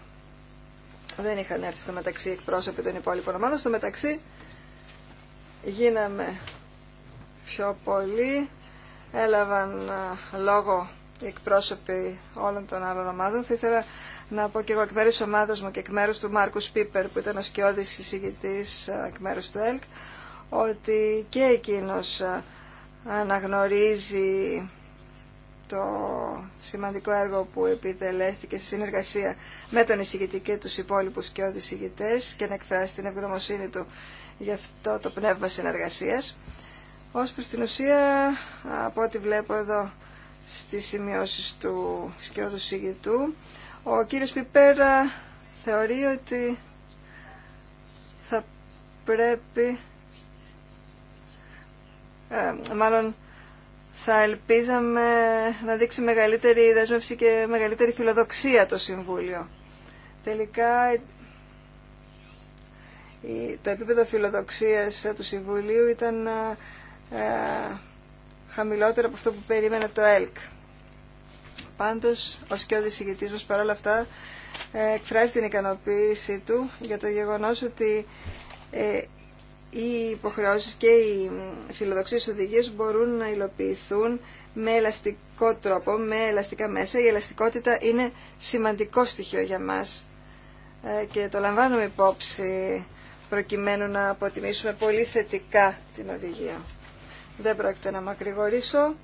Δεν είχαν έρθει στο μεταξύ εκπρόσωποι των υπόλοιπων ομάδων. Στο μεταξύ γίναμε πιο πολλοί. Έλαβαν λόγο οι εκπρόσωποι όλων των άλλων ομάδων. Θα ήθελα να πω και εγώ εκ μέρους ομάδας μου και εκ μέρου του Μάρκου Πίπερ που ήταν ο σκιώδης συζητητή εκ μέρου του ΕΛΚ ότι και εκείνο αναγνωρίζει το σημαντικό έργο που επιτελέστηκε σε συνεργασία με τον εισηγητή και τους υπόλοιπους και εισηγητές και να εκφράσει την ευγνωμοσύνη του για αυτό το πνεύμα συνεργασίας. Ως προς την ουσία, από ό,τι βλέπω εδώ στις σημειώσεις του σκιώδου συγητού, ο κύριος Πιπέρα θεωρεί ότι θα πρέπει, ε, μάλλον θα ελπίζαμε να δείξει μεγαλύτερη δέσμευση και μεγαλύτερη φιλοδοξία το Συμβούλιο. Τελικά το επίπεδο φιλοδοξίας του Συμβουλίου ήταν ε, χαμηλότερο από αυτό που περίμενε το ΕΛΚ. Πάντως, ο σκιώδης ηγητής μας παρόλα αυτά ε, εκφράζει την ικανοποίησή του για το γεγονός ότι ε, οι υποχρεώσεις και οι φιλοδοξίες οδηγίες μπορούν να υλοποιηθούν με ελαστικό τρόπο, με ελαστικά μέσα. Η ελαστικότητα είναι σημαντικό στοιχείο για μας ε, και το λαμβάνουμε υπόψη προκειμένου να αποτιμήσουμε πολύ θετικά την οδηγία. Δεν πρόκειται να μακρηγορήσω.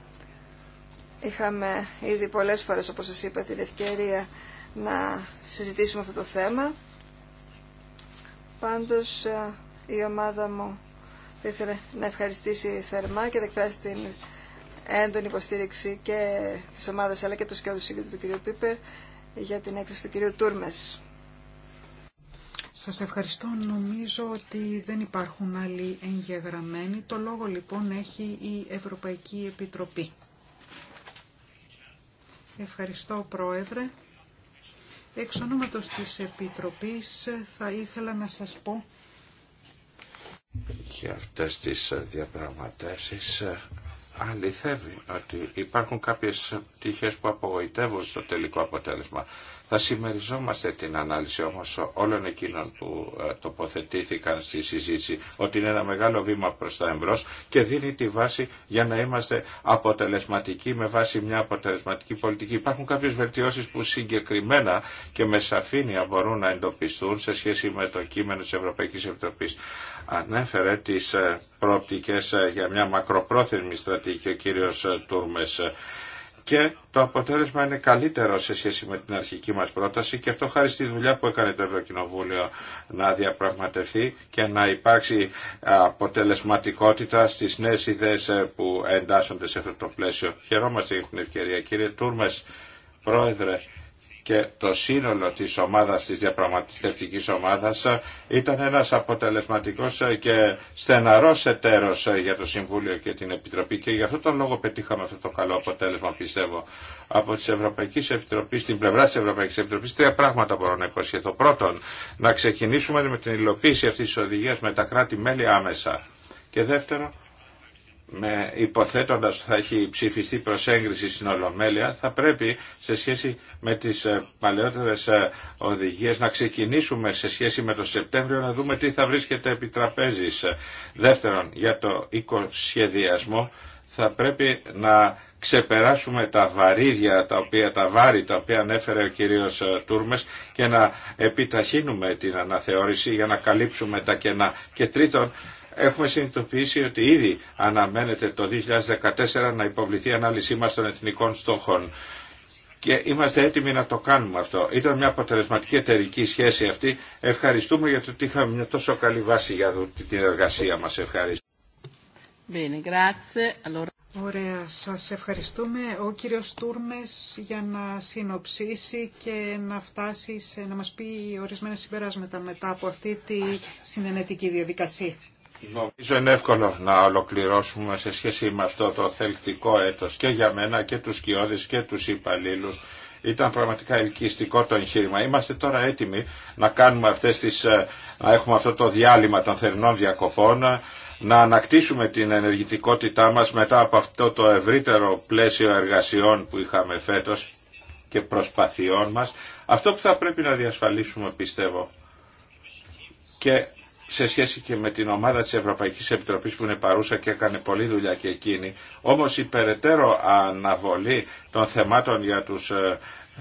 Είχαμε ήδη πολλές φορές, όπως σας είπα, την ευκαιρία να συζητήσουμε αυτό το θέμα. Πάντως, ε, η ομάδα μου ήθελε να ευχαριστήσει θερμά και να εκφράσει την έντονη υποστήριξη και της ομάδας αλλά και του Σκέδου του κ. Πίπερ για την έκθεση του κ. Τούρμες. Σας ευχαριστώ. Νομίζω ότι δεν υπάρχουν άλλοι εγγεγραμμένοι. Το λόγο λοιπόν έχει η Ευρωπαϊκή Επιτροπή. Ευχαριστώ Πρόεδρε. Εξ ονόματος της Επιτροπής θα ήθελα να σας πω και αυτές τις διαπραγματεύσεις ε, αληθεύει ότι υπάρχουν κάποιες πτυχές που απογοητεύουν στο τελικό αποτέλεσμα. Θα συμμεριζόμαστε την ανάλυση όμως όλων εκείνων που ε, τοποθετήθηκαν στη συζήτηση ότι είναι ένα μεγάλο βήμα προς τα εμπρός και δίνει τη βάση για να είμαστε αποτελεσματικοί με βάση μια αποτελεσματική πολιτική. Υπάρχουν κάποιες βελτιώσεις που συγκεκριμένα και με σαφήνεια μπορούν να εντοπιστούν σε σχέση με το κείμενο της Ευρωπαϊκής Επιτροπής. Ανέφερε τις ε, προοπτικές ε, για μια μακροπρόθεσμη στρατηγική ο κύριος Τούρμες και το αποτέλεσμα είναι καλύτερο σε σχέση με την αρχική μας πρόταση και αυτό χάρη στη δουλειά που έκανε το Ευρωκοινοβούλιο να διαπραγματευτεί και να υπάρξει αποτελεσματικότητα στις νέες ιδέες που εντάσσονται σε αυτό το πλαίσιο. Χαιρόμαστε για την ευκαιρία. Κύριε Τούρμες, Πρόεδρε, και το σύνολο της ομάδας, της διαπραγματευτικής ομάδας ε, ήταν ένας αποτελεσματικός ε, και στεναρός εταίρος ε, για το Συμβούλιο και την Επιτροπή και γι' αυτό τον λόγο πετύχαμε αυτό το καλό αποτέλεσμα πιστεύω από τις Ευρωπαϊκές επιτροπή την πλευρά της Ευρωπαϊκής Επιτροπής τρία πράγματα μπορώ να υποσχεθώ. Πρώτον, να ξεκινήσουμε με την υλοποίηση αυτής της οδηγίας με τα κράτη-μέλη άμεσα και δεύτερο, με υποθέτοντας ότι θα έχει ψηφιστεί προς έγκριση στην Ολομέλεια, θα πρέπει σε σχέση με τις ε, παλαιότερες ε, οδηγίες να ξεκινήσουμε σε σχέση με το Σεπτέμβριο να δούμε τι θα βρίσκεται επί τραπέζης. Δεύτερον, για το οικοσχεδιασμό θα πρέπει να ξεπεράσουμε τα βαρύδια, τα, οποία, τα βάρη τα οποία ανέφερε ο κύριος ε, Τούρμες και να επιταχύνουμε την αναθεώρηση για να καλύψουμε τα κενά. Και τρίτον, έχουμε συνειδητοποιήσει ότι ήδη αναμένεται το 2014 να υποβληθεί η ανάλυση μας των εθνικών στόχων και είμαστε έτοιμοι να το κάνουμε αυτό. Ήταν μια αποτελεσματική εταιρική σχέση αυτή. Ευχαριστούμε για το ότι είχαμε μια τόσο καλή βάση για την εργασία μας. Ευχαριστώ. Ωραία, σας ευχαριστούμε. Ο κύριος Τούρμες για να συνοψίσει και να φτάσει να μας πει ορισμένα συμπεράσματα μετά από αυτή τη συνενετική διαδικασία. Νομίζω είναι εύκολο να ολοκληρώσουμε σε σχέση με αυτό το θελκτικό έτος και για μένα και τους κοιόδης και τους υπαλλήλους. Ήταν πραγματικά ελκυστικό το εγχείρημα. Είμαστε τώρα έτοιμοι να κάνουμε αυτές τις, ε, να έχουμε αυτό το διάλειμμα των θερινών διακοπών, να ανακτήσουμε την ενεργητικότητά μας μετά από αυτό το ευρύτερο πλαίσιο εργασιών που είχαμε φέτος και προσπαθειών μας. Αυτό που θα πρέπει να διασφαλίσουμε πιστεύω σε σχέση και με την ομάδα της Ευρωπαϊκής Επιτροπής που είναι παρούσα και έκανε πολλή δουλειά και εκείνη. Όμως η περαιτέρω αναβολή των θεμάτων για τους ε,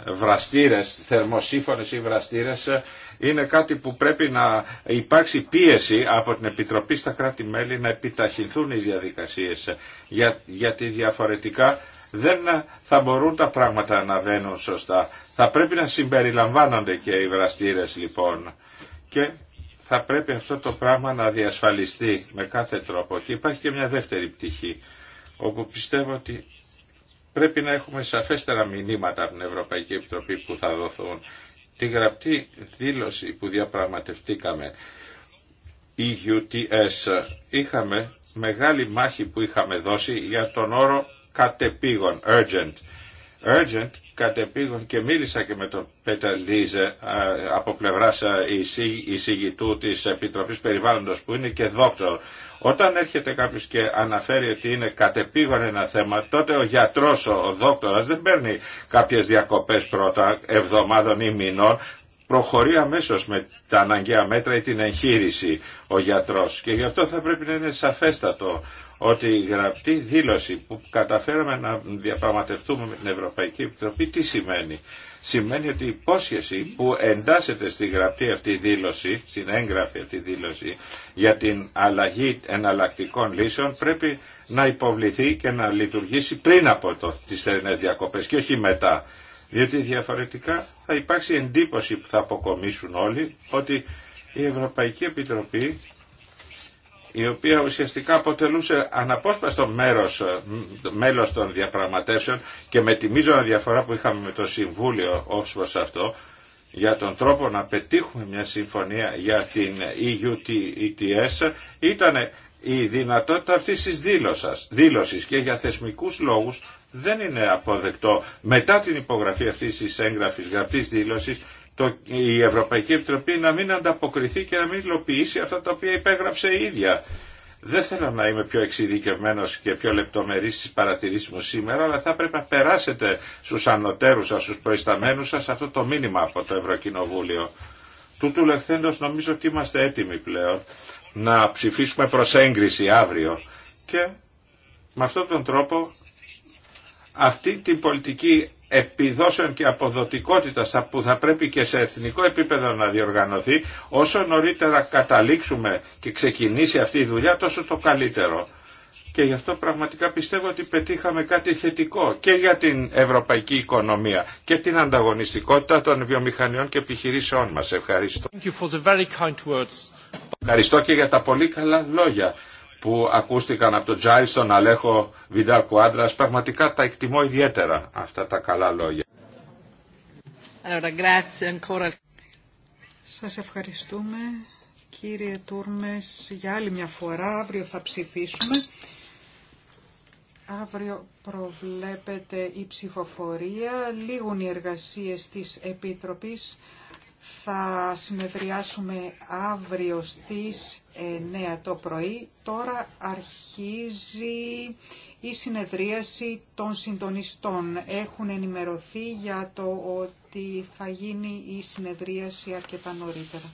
βραστήρες, θερμοσύφωνες ή βραστήρες ε, είναι κάτι που πρέπει να υπάρξει πίεση από την Επιτροπή στα κράτη-μέλη να επιταχυνθούν οι διαδικασίες για, γιατί διαφορετικά δεν ε, θα μπορούν τα πράγματα να βαίνουν σωστά. Θα πρέπει να συμπεριλαμβάνονται και οι βραστήρες λοιπόν και θα πρέπει αυτό το πράγμα να διασφαλιστεί με κάθε τρόπο. Και υπάρχει και μια δεύτερη πτυχή, όπου πιστεύω ότι πρέπει να έχουμε σαφέστερα μηνύματα από την Ευρωπαϊκή Επιτροπή που θα δοθούν. Τη γραπτή δήλωση που διαπραγματευτήκαμε, e UTS, είχαμε μεγάλη μάχη που είχαμε δώσει για τον όρο κατεπήγων, urgent urgent κατεπήγον και μίλησα και με τον Πέτερ Λίζε από πλευράς εισηγητού της Επιτροπής Περιβάλλοντος που είναι και δόκτωρ. Όταν έρχεται κάποιος και αναφέρει ότι είναι κατεπήγον ένα θέμα, τότε ο γιατρός, ο δόκτωρας δεν παίρνει κάποιες διακοπές πρώτα εβδομάδων ή μηνών, προχωρεί αμέσω με τα αναγκαία μέτρα ή την εγχείρηση ο γιατρός. Και γι' αυτό θα πρέπει να είναι σαφέστατο ότι η γραπτή δήλωση που καταφέραμε να διαπραγματευτούμε με την Ευρωπαϊκή Επιτροπή τι σημαίνει. Σημαίνει ότι η υπόσχεση που εντάσσεται στη γραπτή αυτή δήλωση, στην έγγραφη αυτή δήλωση για την αλλαγή εναλλακτικών λύσεων πρέπει να υποβληθεί και να λειτουργήσει πριν από το, τις θερινές διακοπές και όχι μετά. Διότι διαφορετικά θα υπάρξει εντύπωση που θα αποκομίσουν όλοι ότι η Ευρωπαϊκή Επιτροπή η οποία ουσιαστικά αποτελούσε αναπόσπαστο μέρος, μέλος των διαπραγματεύσεων και με τη μείζωνα διαφορά που είχαμε με το Συμβούλιο ως προς αυτό, για τον τρόπο να πετύχουμε μια συμφωνία για την ETS, e ήταν η δυνατότητα αυτής της δήλωσης, δήλωσης και για θεσμικούς λόγους δεν είναι αποδεκτό μετά την υπογραφή αυτής της έγγραφης γραπτής δήλωσης το, η Ευρωπαϊκή Επιτροπή να μην ανταποκριθεί και να μην υλοποιήσει αυτά τα οποία υπέγραψε η ίδια. Δεν θέλω να είμαι πιο εξειδικευμένο και πιο λεπτομερή στι παρατηρήσει μου σήμερα, αλλά θα πρέπει να περάσετε στου ανωτέρου σα, στου προϊσταμένου σα, αυτό το μήνυμα από το Ευρωκοινοβούλιο. Τούτου λεχθέντος νομίζω ότι είμαστε έτοιμοι πλέον να ψηφίσουμε προ έγκριση αύριο και με αυτόν τον τρόπο αυτή την πολιτική επιδόσεων και αποδοτικότητας που θα πρέπει και σε εθνικό επίπεδο να διοργανωθεί, όσο νωρίτερα καταλήξουμε και ξεκινήσει αυτή η δουλειά, τόσο το καλύτερο. Και γι' αυτό πραγματικά πιστεύω ότι πετύχαμε κάτι θετικό και για την ευρωπαϊκή οικονομία και την ανταγωνιστικότητα των βιομηχανιών και επιχειρήσεών μας. Ευχαριστώ. Ευχαριστώ και για τα πολύ καλά λόγια που ακούστηκαν από τον Τζάι στον Αλέχο Βιντάρ Πραγματικά τα εκτιμώ ιδιαίτερα αυτά τα καλά λόγια. Σας ευχαριστούμε κύριε Τούρμες για άλλη μια φορά. Αύριο θα ψηφίσουμε. Αύριο προβλέπεται η ψηφοφορία. Λίγουν οι εργασίες της Επίτροπης. Θα συνεδριάσουμε αύριο στις 9 το πρωί. Τώρα αρχίζει η συνεδρίαση των συντονιστών. Έχουν ενημερωθεί για το ότι θα γίνει η συνεδρίαση αρκετά νωρίτερα.